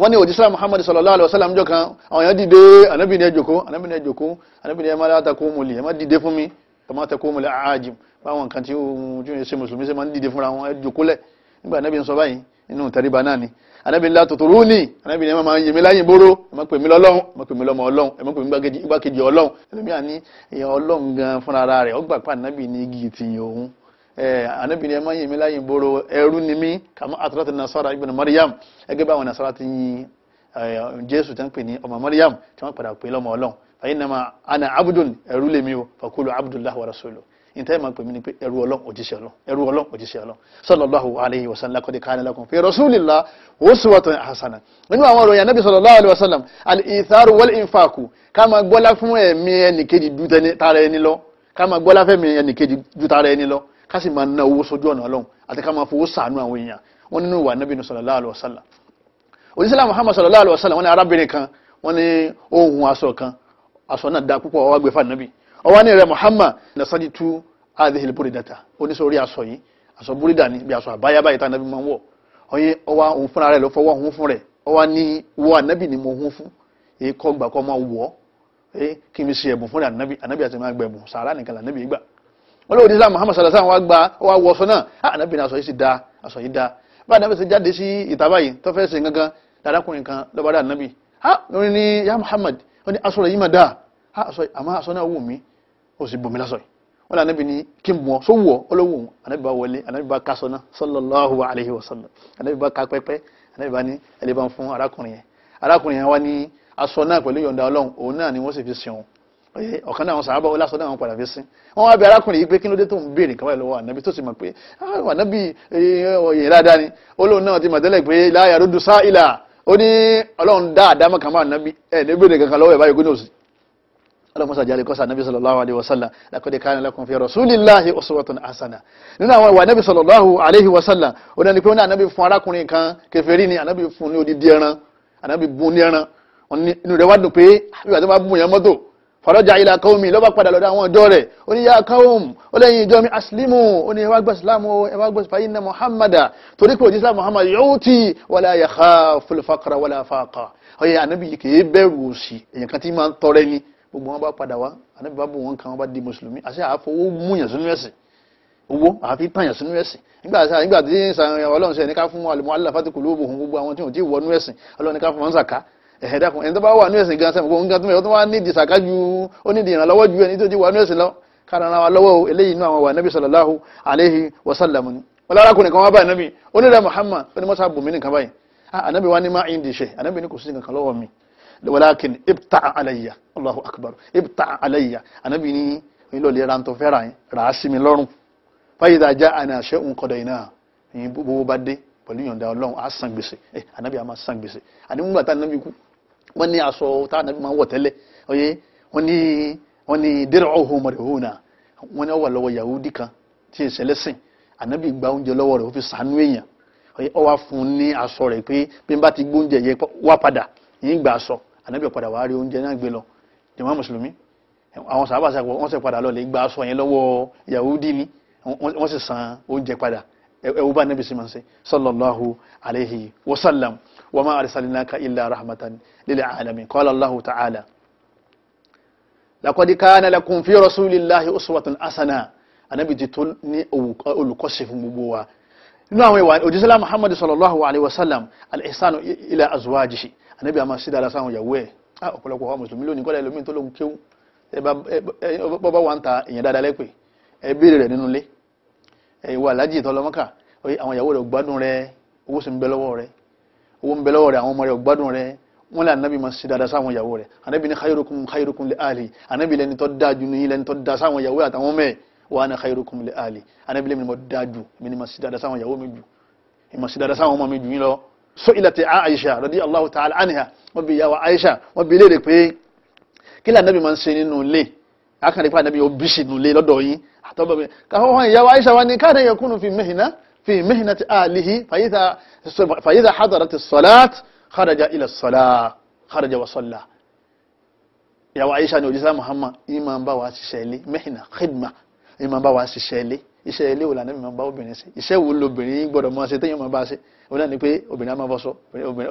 Speaker 1: wọ́n ní òjísà muhammad sallallahu alaihi wasallam jọ kan àwọn èèyàn dìde anábìnrin ẹ jókòó anábìnrin ẹ jókòó anábìnrin ẹ má dáa takó mọ̀lì ẹ má dìde fún mi ẹ má takó mọ̀lì ààjìm báwọn nǹkan tí ó ń ṣe mùsùlùmí ṣe máa ń dìde fúnra wọn ẹ jókòó lẹ̀ nígbà anábìnrin sọ báyìí inú tẹríba náà ni anábì ńlá tòtòrú ní anábì ní ẹ máa yèmí láyìn bóró ẹ máa pèmí lọ́lọ́hún ẹ máa pèmí lọ́mọ ọlọ́hún ẹ máa pèmí igbákejì ọlọ́hún ẹlòmíì àní èèyàn ọlọ́hún gan fúnra rẹ̀ ọgbà pa anábì ní igi tìyàn òun anábì ní ẹ máa yèmí láyìn bóró ẹrú ni mí kàmú àtúrọ́tì nasara ibn Maryam ẹgẹ́ bá àwọn nasara ti yin Jésù tán pè ní ọmọ Maryam tí wọ́n padà pè lọ́mọ ọlọ́hún fa innama ana abdun ẹrú lèmi o fakulu abdullahi wa rasuluhu ìtẹ́ máa pè mí ni pé ẹrú ọlọ́run òjíṣẹ́ ọlọ́run ẹrú ọlọ́run òjíṣẹ́ ọlọ́run sallallahu alayhi wa sallam laqad kana lakum fi rasulillah uswatun hasana nínú àwọn ọ̀rọ̀ yẹn nabi sallallahu alayhi wa sallam al-itharu wal-infaku ká máa gbọ́lá fún ẹ̀mí ẹnìkejì ju tara ẹni lọ ká máa gbọ́lá fún ẹ̀mí ẹnìkejì ju tara ẹni lọ ká sì máa ná owó sójú ọ̀nà ọlọ́run àti ká máa fowó ṣàánú àwọn èèyàn wọn nínú ìwà nabi sallallahu alayhi wa sallam òjíṣẹ́ muhammad sallallahu alayhi wa sallam wọn ni arábìnrin kan wọn ni ohun nabi ọwọ́ ní rẹ̀ Muhammad nasadi tu adihil buridata oníṣòrí aṣọ yìí aṣọ burida ni bí aṣọ àbáyá báyìí tánàbí máa ń wọ̀ ọyẹ ọwọ́ òun fúnra rẹ̀ ló fọwọ́ òun fún rẹ̀ ọwọ́ ní wọ ànábì ni mo hún fún èyí kọ́ gbà kọ́ máa wọ̀ ẹ́ kí mi ṣe ẹ̀bùn fún ànábì ànábì àti máa gbẹ̀bùn sàárà nìkan lànábì gbà olóòdì islam Muhammad salasa wa gba wa wọ aṣọ náà ah, ànábì ni aṣọ yìí sì da aṣọ yìí da bá ànábì ti jáde sí ìta báyìí tó fẹ́ ṣe gangan dáadákùnrin kan lọ́ba dá ànábì ha ah, lórí ya Muhammad ó ní aṣọ rẹ̀ yìí máa dáa Ah, àmọ́ aṣọ náà wù mí ó sì bù mí lásọ̀ yìí wọ́n lé anabi ní kí n bù ọ́ sówù wọlé anabi ká aṣọ náà sallallahu alayhi wa sallam anabi bá ká pẹ́pẹ́ anabi bá ní ẹlẹ́ bá ń fún arákùnrin yẹn arákùnrin yẹn wá ní aṣọ náà pẹ̀lú yọ̀ǹda ọlọ́run òun náà ni wọ́n sì fi sìn òun ọ̀kan náà wọn sàábà wọn lásán náà wọn padà fi sí wọn wá bí arákùnrin yìí pé kí ló dé tó ń béèrè nǹkan lọ́wọ́ ànábi tó sì mọ̀ pé ah, ànábi èèyàn dáadáa ni olóhùn náà ti mọ̀ pé láyà ló sáà ìlà ó ní ọlọ́run dá àdámọ́ kan bá ànábi ẹ̀ ní kankan lọ́wọ́ ẹ̀ báyìí kó òsì ọlọ́mọsá jàre kọ́sà nabi sallallahu alayhi wa sallam lakode kana lakum fi rasulillahi uswatun hasana nínú àwọn ìwà nabi sallallahu alayhi wa sallam ó dání pé ó ní anabi fún arákùnrin kan kèfèrí ni anabi fún ní odidi ẹran anabi bùn ní ẹran inú rẹ̀ wá dùn pé ìwà tó bá bùn yẹn mọ́tò faraja ila qaumi lọ́ba padà lọ́dọ̀ àwọn ọjọ́ rẹ̀ ó ní ya qaum ó lẹ́yìn ìjọ mi aslimu ó ní ẹwà gbẹ̀sìlámù ẹwà gbẹ̀sìlámù inna muhammada torí pé òjísà muhammad yu'ti wala yakhafu al-faqra wala faqa ó yẹ ànábì kìí bẹ̀rù òsì kan tí máa ń ni gbogbo wọn bá padà wá ànábì bá bò wọn kan wọn bá di mùsùlùmí àṣẹ àfọwọ́ múyàn sínú ẹ̀sìn owó àfi tàyàn sínú ẹ̀sìn nígbà tí nígbà tí ọlọ́run ṣe ní ká fún àlùmọ́ aláfàtí kò lóògùn gbogbo àwọn tí wọn ti wọnú ẹ̀sìn ọlọ́run ní ká fún wọn sàká ẹ̀hẹ́ dákun ẹni tó bá wà nú ẹ̀sìn gan sẹ́mi gan tó tó wá nídìí sàká ju ó nídìí ìrànlọ́wọ́ ju ẹni tó ti wà nú ẹ̀sìn lọ kára wa lọ́wọ́ eléyìí inú àwọn wà nábì sallallahu alaihi wasallam ni wọ́n lára kùnrin kan wá báyìí nábì onírẹ̀ Muhammad ó ní mọ́sá bùnmí nìkan báyìí ah ànábì wá ní má ìndì ṣe ànábì ní kò sí nǹkan lọ́wọ́ mi walakin ibta alayya allahu akbar ibta alayya anabi ni ìlọlẹ̀ ra tó fẹ́ràn yín rà á sí mi lọ́rùn fáyidà já àná àṣẹ òǹkọ̀dọ̀ iná yìí gbogbo bá dé pẹ̀lú ìyọ̀ǹda ọlọ́run á san gbèsè ẹ anabi á máa san gbèsè àní nígbà tá anabi kú wọ́n ní aṣọ tá anabi máa wọ̀ tẹ́lẹ̀ ọyẹ wọ́n ní wọ́n ní dẹ́rẹ́ ọ̀hún mọ̀rẹ̀ òun náà wọ́n ní ó wà lọ́wọ́ yahudi kan tí ì ṣẹlẹ́sìn ànábì gba oúnjẹ lọ́wọ́ rẹ̀ ó fi sànú èèyàn ó wá fún un ní aṣọ rẹ̀ pé bí n bá ti gbóúnjẹ yẹ wá padà yín gba aṣọ ànábì ọ̀padà wàá rí oúnjẹ náà gbé lọ jàmá mùsùlùmí àwọn sàábà sàpọ̀ wọ́n sì padà lọ lè gba aṣọ yẹn lọ́wọ́ yahudi ni wọ́n sì san oúnjẹ padà ẹwú bá ànábì sì máa ń ṣe sallallahu alayhi wa sallam wa ma arsalnaka illa rahmatan lil alamin qala ta'ala laqad kana lakum fi rasulillahi uswatun asana, ànábì ti tó ní olùkọ́ṣe fún gbogbo wa nínú àwọn ìwà òjísọ́lá muhammadu sallallahu alaihi wasallam al'isanu ila azuwajishi anabi a ma ṣídá aláṣà àwọn ìyàwó ẹ̀ ọ̀pọ̀lọpọ̀ àwọn mùsùlùmí lónìí kọ́lá ẹlòmí tó lóhun kéwú bọ́bá wa ń ta èèyàn dáadáa lẹ́pẹ́ ẹ béèrè rẹ̀ nínú ilé ìwà alájì ìtọ́lọ́mọ́kà àwọn ìyàwó rẹ̀ gbádùn rẹ̀ owó sì ń bẹ lọ́wọ́ rẹ̀ owó ń bẹ lọ́wọ́ rẹ̀ àwọn ọmọ rẹ̀ gbádùn rẹ̀ wọ́n lè anabi ma ṣe dáadáa sáwọn ìyàwó rẹ̀ anabi ni khairukum khairukum li ahli anabi lẹni tó dáa jù ní lẹni tó dáa sáwọn ìyàwó àtàwọn mẹ́ẹ̀ wa ana khairukum li ali anábìlẹ̀ mi ni mo dájú mi ni mo sì dáadáa sáwọn ìyàwó mi jù mi mo sì dáadáa sáwọn ọmọ mi jù yín lọ so ilẹ̀ ti aisha radiyallahu ta'ala anha wọ́n bi ìyàwó aisha wọ́n bi léèrè pé kí lè anábì máa ń ṣe nínú ilé akànnì pé anábì òbí sì nulẹ̀ lọ́dọ̀ yín àtọ́bọ̀ mi káwọn hàn ìyàwó aisha wa ni káàdé yakunu fi mihna fi mihna ti alihi fàyíza hadarat as-salat kharaja ila as-salah kharaja wa salla ìyàwó aisha ni òjísà muhammad imam bá wa ṣiṣẹ́ ilé mihna khidma ìmọ̀ bá wa ṣiṣẹ́ ilé iṣẹ́ ilé wò lànà ìmọ̀ bá obìnrin ṣe iṣẹ́ wo lobìnrin gbọ́dọ̀ máa ṣe téèyàn máa bá ṣe òun náà ni pé obìnrin á máa fọṣọ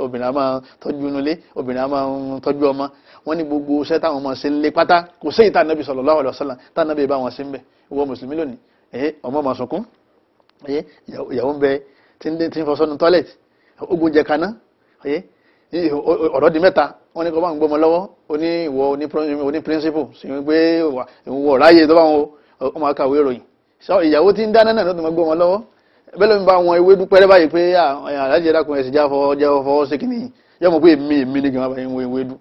Speaker 1: obìnrin á máa tọ́jú inúlé obìnrin á máa tọ́jú ọmọ wọ́n ní gbogbo iṣẹ́ táwọn ọmọ ṣe ń lé pátá kò sí ìta nàbì sallallahu alaihi wasallam tá nàbì bá wọn ṣe ń bẹ̀ ìwọ mùsùlùmí lónìí ọ̀rọ̀ di mẹ́ta wọ́n ní kọ́ bá ń gbọ́mọ lọ́wọ́ oní oní principle sì ń gbé ìwọ ráyè tó bá wọn o ọmọ akáwé ìròyìn ìyàwó tí ń dáná náà ló ti máa gbọ́ wọn lọ́wọ́ bẹ́ẹ̀ ló ń bá wọn ewé dúpẹ́rẹ́ báyìí pé ah, aláàjì ẹ̀dá kun ẹ̀sìn jáfọ́ jáfọ́ fọ́ sí kìíní yóò mọ̀ pé èmi èmi ni gàmọ́ báyìí ń wo ewé dú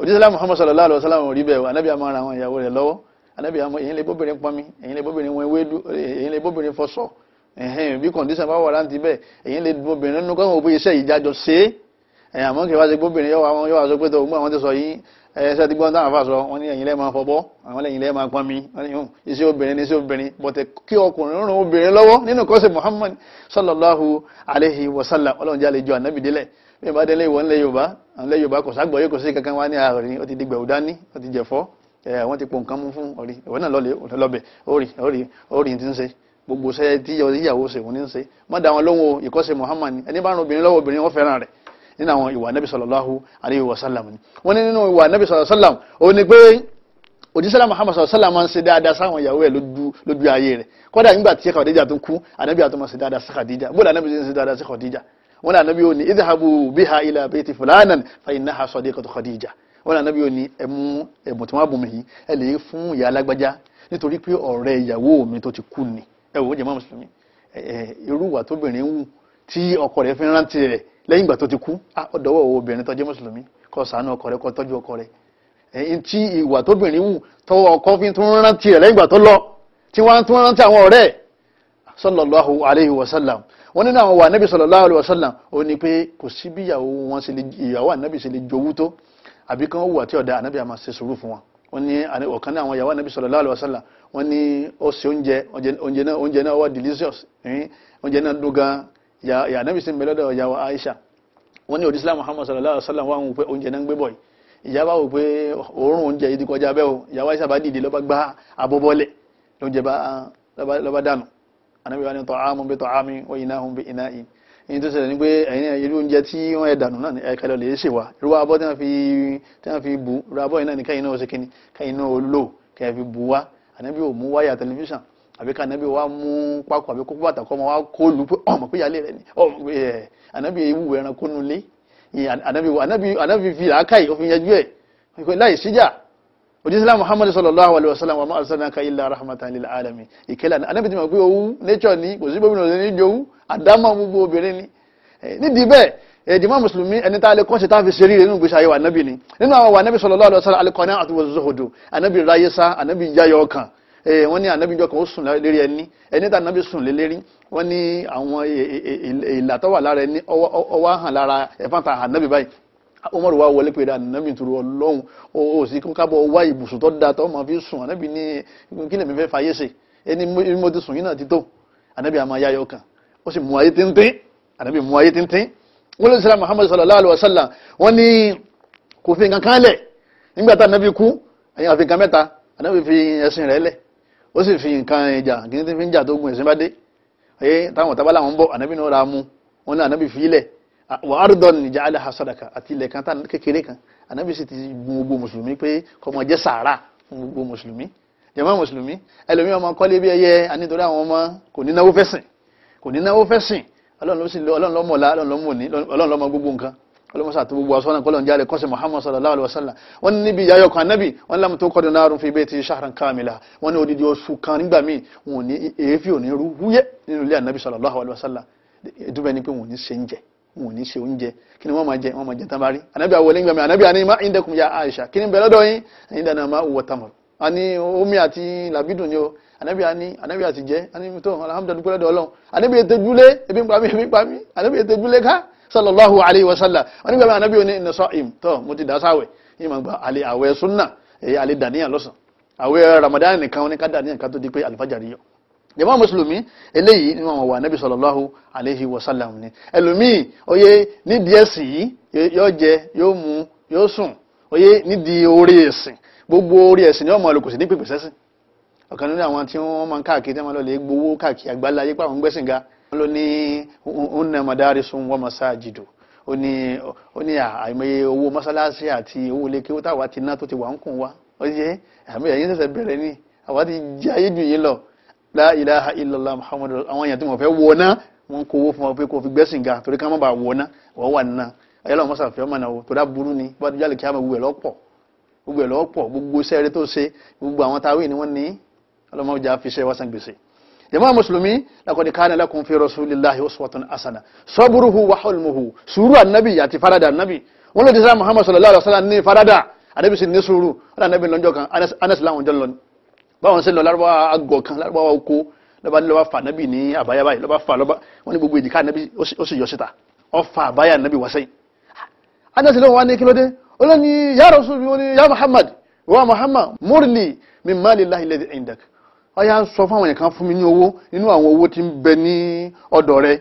Speaker 1: òjísàlá Muhammad sallallahu alaihi wasallam rí bẹ́ẹ̀ anábìá máa ra àwọn ìyàwó rẹ̀ lọ́wọ́ anábìá mọ èyí lè bóbìnrin pọnmi èyí lè bóbìnrin wọn ewé dú èyí lè bóbìnrin fọṣọ bí kọ̀ǹdíṣàn bá wà láǹtí bẹ́ẹ̀ èyí lè bóbìnrin nú kọ́ ẹ̀yìn àmọ́ kí wá sí gbóbìnrin yọ́wà wọn yọ́wà sọ pé tó gbọ́n àwọn ti sọ yí ẹ̀ṣẹ́ ti gbọ́n táwọn fà sọ wọn ní ẹ̀yìn lẹ́ẹ̀ máa fọbọ́ àwọn lẹ́yìn lẹ́ẹ̀ máa pọn mi hmm, iṣẹ́ obìnrin ní iṣẹ́ obìnrin bọ̀tẹ̀ kí ọkùnrin rún obìnrin lọ́wọ́ nínú kọ́sì Muhammad sallallahu alayhi wa sallam ọlọ́run jẹ́ àlejò ànábì délẹ̀ bí ìbá délé ìwọ ńlẹ̀ Yorùbá ńlẹ̀ Yorùbá kò ságbọ̀ yìí kò sí kankan wá ní àárín ó ti di gbẹ̀wò dání ó ti jẹ̀fọ́ wọ́n ti po nǹkan mú fún orí ìwọ náà lọ́bẹ̀ orí orí orí ti ń ṣe gbogbo sẹ́yẹ tí ìyàwó ṣe òun ní ń ṣe má dá wọn lóhùn ìkọ́sẹ̀ Muhammad ẹni bá ń obìnrin lọ́wọ́ obìnrin wọn fẹ́ràn rẹ̀ nínú àwọn ìwà nabi sallallahu alayhi wa sallam ni wọ́n ní nínú ìwà nabi sallallahu alayhi ní pé òjísàlá muhammad sallallahu alayhi wa sallam máa ń ṣe dáadáa sáwọn ìyàwó ẹ̀ lójú ayé rẹ̀ kódà nígbà tí Khadija tó kú ànábì àtọ́ máa ṣe dáadáa sí Khadija bóòlù ànábì ṣe dáadáa sí Khadija wọ́n ní ànábì ó ní idhabu biha ila bayti fulanan fa innaha sadiqatu Khadija wọ́n ní ànábì ó ní ẹmu ẹ̀bùn tí wọ́n bù mí yìí ẹ lè fún ìyá alágbájá nítorí pé ọ̀rẹ́ ìyàwó mi tó ti kú ni ẹ wò ó jẹ́ mọ́ mùsùlùmí irú wà tóbìnrin wù tí ọkọ rẹ̀ fi rántí rẹ̀ lẹ́yìn ìgbà tó ti kú ọ̀dọ́wọ́ ah, obìnrin tó jẹ́ mùsùlùmí kó ṣàánú ọkọ rẹ̀ kó tọ́jú ọkọ rẹ̀ ẹ̀yìn tí ìwà tóbìnrin wù tọwọ́ ọkọ fi tún rántí rẹ̀ lẹ́yìn ìgbà tó lọ tí wọ́n tún rántí àwọn ọ̀rẹ́ sallallahu alayhi wa sallam wọ́n nínú àwọn wà nábì sallallahu alayhi wa sallam ó ní pé kò sí bí ìyàwó wọn ṣe lè ìyàwó ànábì ṣe lè jowú tó àbí kan wù àti ọ̀dà ànábì àmà ṣe sùúrù fún wọn wọ́n ní ọ̀kan náà àwọn ìyàwó ànábì sallallahu alayhi wa sallam wọ́n ní ó ṣe oúnjẹ oúnjẹ náà wà delicious oúnjẹ náà dùn gan Ya, anábì sí mẹ́lọ́dọ̀ ìyá wa Aisha wọ́n ní òdísílá Muhammad sallallahu alaihi wasallam wọ́n pé oúnjẹ náà ń gbé bọ̀ yìí ìyá bá wò pé òórùn oúnjẹ yìí ti kọjá bẹ́ẹ̀ o ìyá wa Aisha bá dìde lọ́ba gbá abọ́bọ́lẹ̀ lóúnjẹ lọ́ba dànù anábì wa ní ta'amun bi ta'ami wa inahum bi ina'i èyí tó ṣẹlẹ̀ ní pé ẹ̀yìn irú oúnjẹ tí wọ́n ẹ̀ dànù náà ẹ̀ka lọ lè ṣe wá irú abọ́ tí wọ́n fi bu irú abọ́ yìí náà ní káyìn náà ó ṣe kíni káyìn náà ó lò fi bu wá ànábì ò mú wáyà tẹlifíṣàn àbí ká ànábì wa mú pákó àbí kókó bàtà kọ́ ọmọ wa kó lu pé ọmọ pé ìyáálé rẹ ni ànábì ewu ẹranko nulé ànábì fi làákàyè ó fi yanjú ẹ̀ láì síjà òjísílá muhammadu sallallahu alaihi wasallam wa ma arsalnaka illa rahmatan lil alamin ìkẹlẹ anábìtì mọ̀ pé owó nature ni kò sí gómìnà òṣèlú ní jòwú àdámọ̀ gbogbo obìnrin ni nídìí bẹ́ẹ̀ ẹ̀dìmọ̀ mùsùlùmí ẹni tá a lè kọ́ sí tá a fi ṣeré nínú gbèsè ayé wa anábì ni nínú àwọn wa anábì sallallahu alaihi wasallam alikọ́ni àti wọ́n zuhudu anábì ráyé sá anábì yáyọ ọkàn Eh, wọ́n ní ànábì jọkàn ó sùn lérí ẹni ẹni tá ànábì sùn lé lérí wọ́n ní àwọn eh, eh, ìlà wà lára ẹni ọwọ́ hàn lára ẹ̀fọn ta ànábì báyìí Umar wa wọlé pé ànábì turu ọlọ́run ó sì kábọ̀ wá ibùsùn tó dáa tó máa fi sùn ànábì ní kí lèmi fẹ́ fàyè ṣe ẹni mo ti sùn yín náà ti tó ànábì àmọ́ ayáyọ kan ó sì mú ayé tíntín ànábì mú ayé tíntín wọ́n lè sẹ́ra Muhammad sallallahu alayhi wa sallam wọ́n ní kò fi nǹkan kan lẹ̀ ó sì fi nǹkan ìjà kí ní ti fi ń jà tó gun ẹ̀sìn bá dé ẹ táwọn tábà làwọn ń bọ̀ ànábì náà ra mú wọn ní ànábì fi ilẹ̀ wà á rúdọ̀ nìjà alẹ́ ha sọ̀dàkà àti ilẹ̀ kan tán kékeré kan ànábì sì ti gun gbogbo mùsùlùmí pé kọ́mọ jẹ́ sàárà fún gbogbo mùsùlùmí jàmá mùsùlùmí ẹlòmí ọmọ kọ́lé bí ẹyẹ anítorí àwọn ọmọ kò ní náwó fẹ́sìn kò ní náwó fẹ́sìn ọlọ́run ló sì ọlọ́run ló mọ̀ọ́lá ọlọ́run ló mọ̀ ní ọlọ́run ló gbogbo nǹkan olùmọ̀sá àti gbogbo asọ́nà kọ́lọ̀ njálẹ̀ kọ́sẹ̀ muhammad sallallahu alaihi wasallam wọ́n ní níbi ìyáyọ̀ kan nábì wọ́n lámù tó kọ́dọ̀ náà rún fi bẹ́ẹ̀ ti shahran kamila wọ́n ní odidi oṣù kan nígbà míì wọn ní èéfì òní rú wúyẹ́ nínú ilé ànábì sallallahu alaihi wasallam ìdúbẹ̀ ni pé wọn ní ṣe ń jẹ wọn ní ṣe oúnjẹ kí ni wọ́n máa jẹ wọ́n máa jẹ tán bá rí ànábì àwọlé nígbà míì ànábì àní má indakum ya aisha kí ni bẹ̀ lọ́dọ̀ yín ẹ̀yin dáná má wọ tamọ̀ àní sallallahu alayhi wa sallam wọn nígbà anabi oní iná sọ im tọ mo ti dá sáwẹ yìí máa gba àlè àwẹ̀ sunna èyí àlè dàníyàn lọ́sàn àwẹ̀ ramadan nìkan wọn ní ká dàníyàn ká tó di pé alifajari yọ jàmá mùsùlùmí eléyìí ni wọn wà anabi sallallahu alayhi wa sallam ni ẹlòmíì oyè nídìí ẹ̀sìn yìí yóò jẹ yóò mu yóò sùn oyè nídìí orí ẹ̀sìn gbogbo orí ẹ̀sìn ni wọn mọ alùpùpù ní pèpè sẹ́sìn ọ̀kan nínú àwọn tí wọ́n máa ń káàkiri tí wọ́n lọ lè gbowó káàkiri àgbáláyé pàwọn gbẹ́sìn ga ló ní unna madarisun wa masajidu ó ní ó ní àìmọye owó mọ́sálásí àti owó ilé kí ó táwa ti ná tó ti wà ń kùn wá ó yẹ àmì ẹ̀yìn ṣẹ̀ṣẹ̀ bẹ̀rẹ̀ ni àwa ti jẹ́ ayé jù yín lọ la ilaha muhammadu àwọn èèyàn tí wọ́n fẹ́ wọ náà wọ́n kó owó fún wọn pé kó fi gbẹ́sìn ga torí ká má bàa wọ náà wọ́n wà nínú ayélujára mọ́sá fẹ́ mọ̀ náà o tó dá burú ni bá tó jáde kí gbogbo ẹ̀ lọ́pọ̀ gbogbo ẹ̀ lọ́pọ̀ gbogbo iṣẹ́ rẹ tó ṣe gbogbo àwọn táwé ni wọ́n ní ọlọ́mọ jama musulumi lakọni kana lakum fi rasulillahi uswatun asana sọburuhu wa hulmuhu sùúrù anabi àti farada anabi wọn lè disa muhammad sallallahu alaihi wa sallam ní farada anabi sì ní sùúrù wọn anabi lọ́jọ́ kan anas làwọn jọ lọ́ni báwọn sì lọ larubawa agọ kan larubawa oko lọba lọba fa anabi ní àbáyá báyìí lọba fa lọba wọn ní gbogbo ìdíkà anabi ó sì yọ síta ó fa àbáyá anabi wá sẹ́yìn anas lọ́wọ́ wa ní kílódé olóyìn ya rasul ya muhammad wa muhammad murni min mali lahi lẹ́dí indak ọyá sọ fún àwọn ẹ̀kan fún mi ní owó nínú àwọn owó tí ń bẹ ní ọ̀dọ̀ rẹ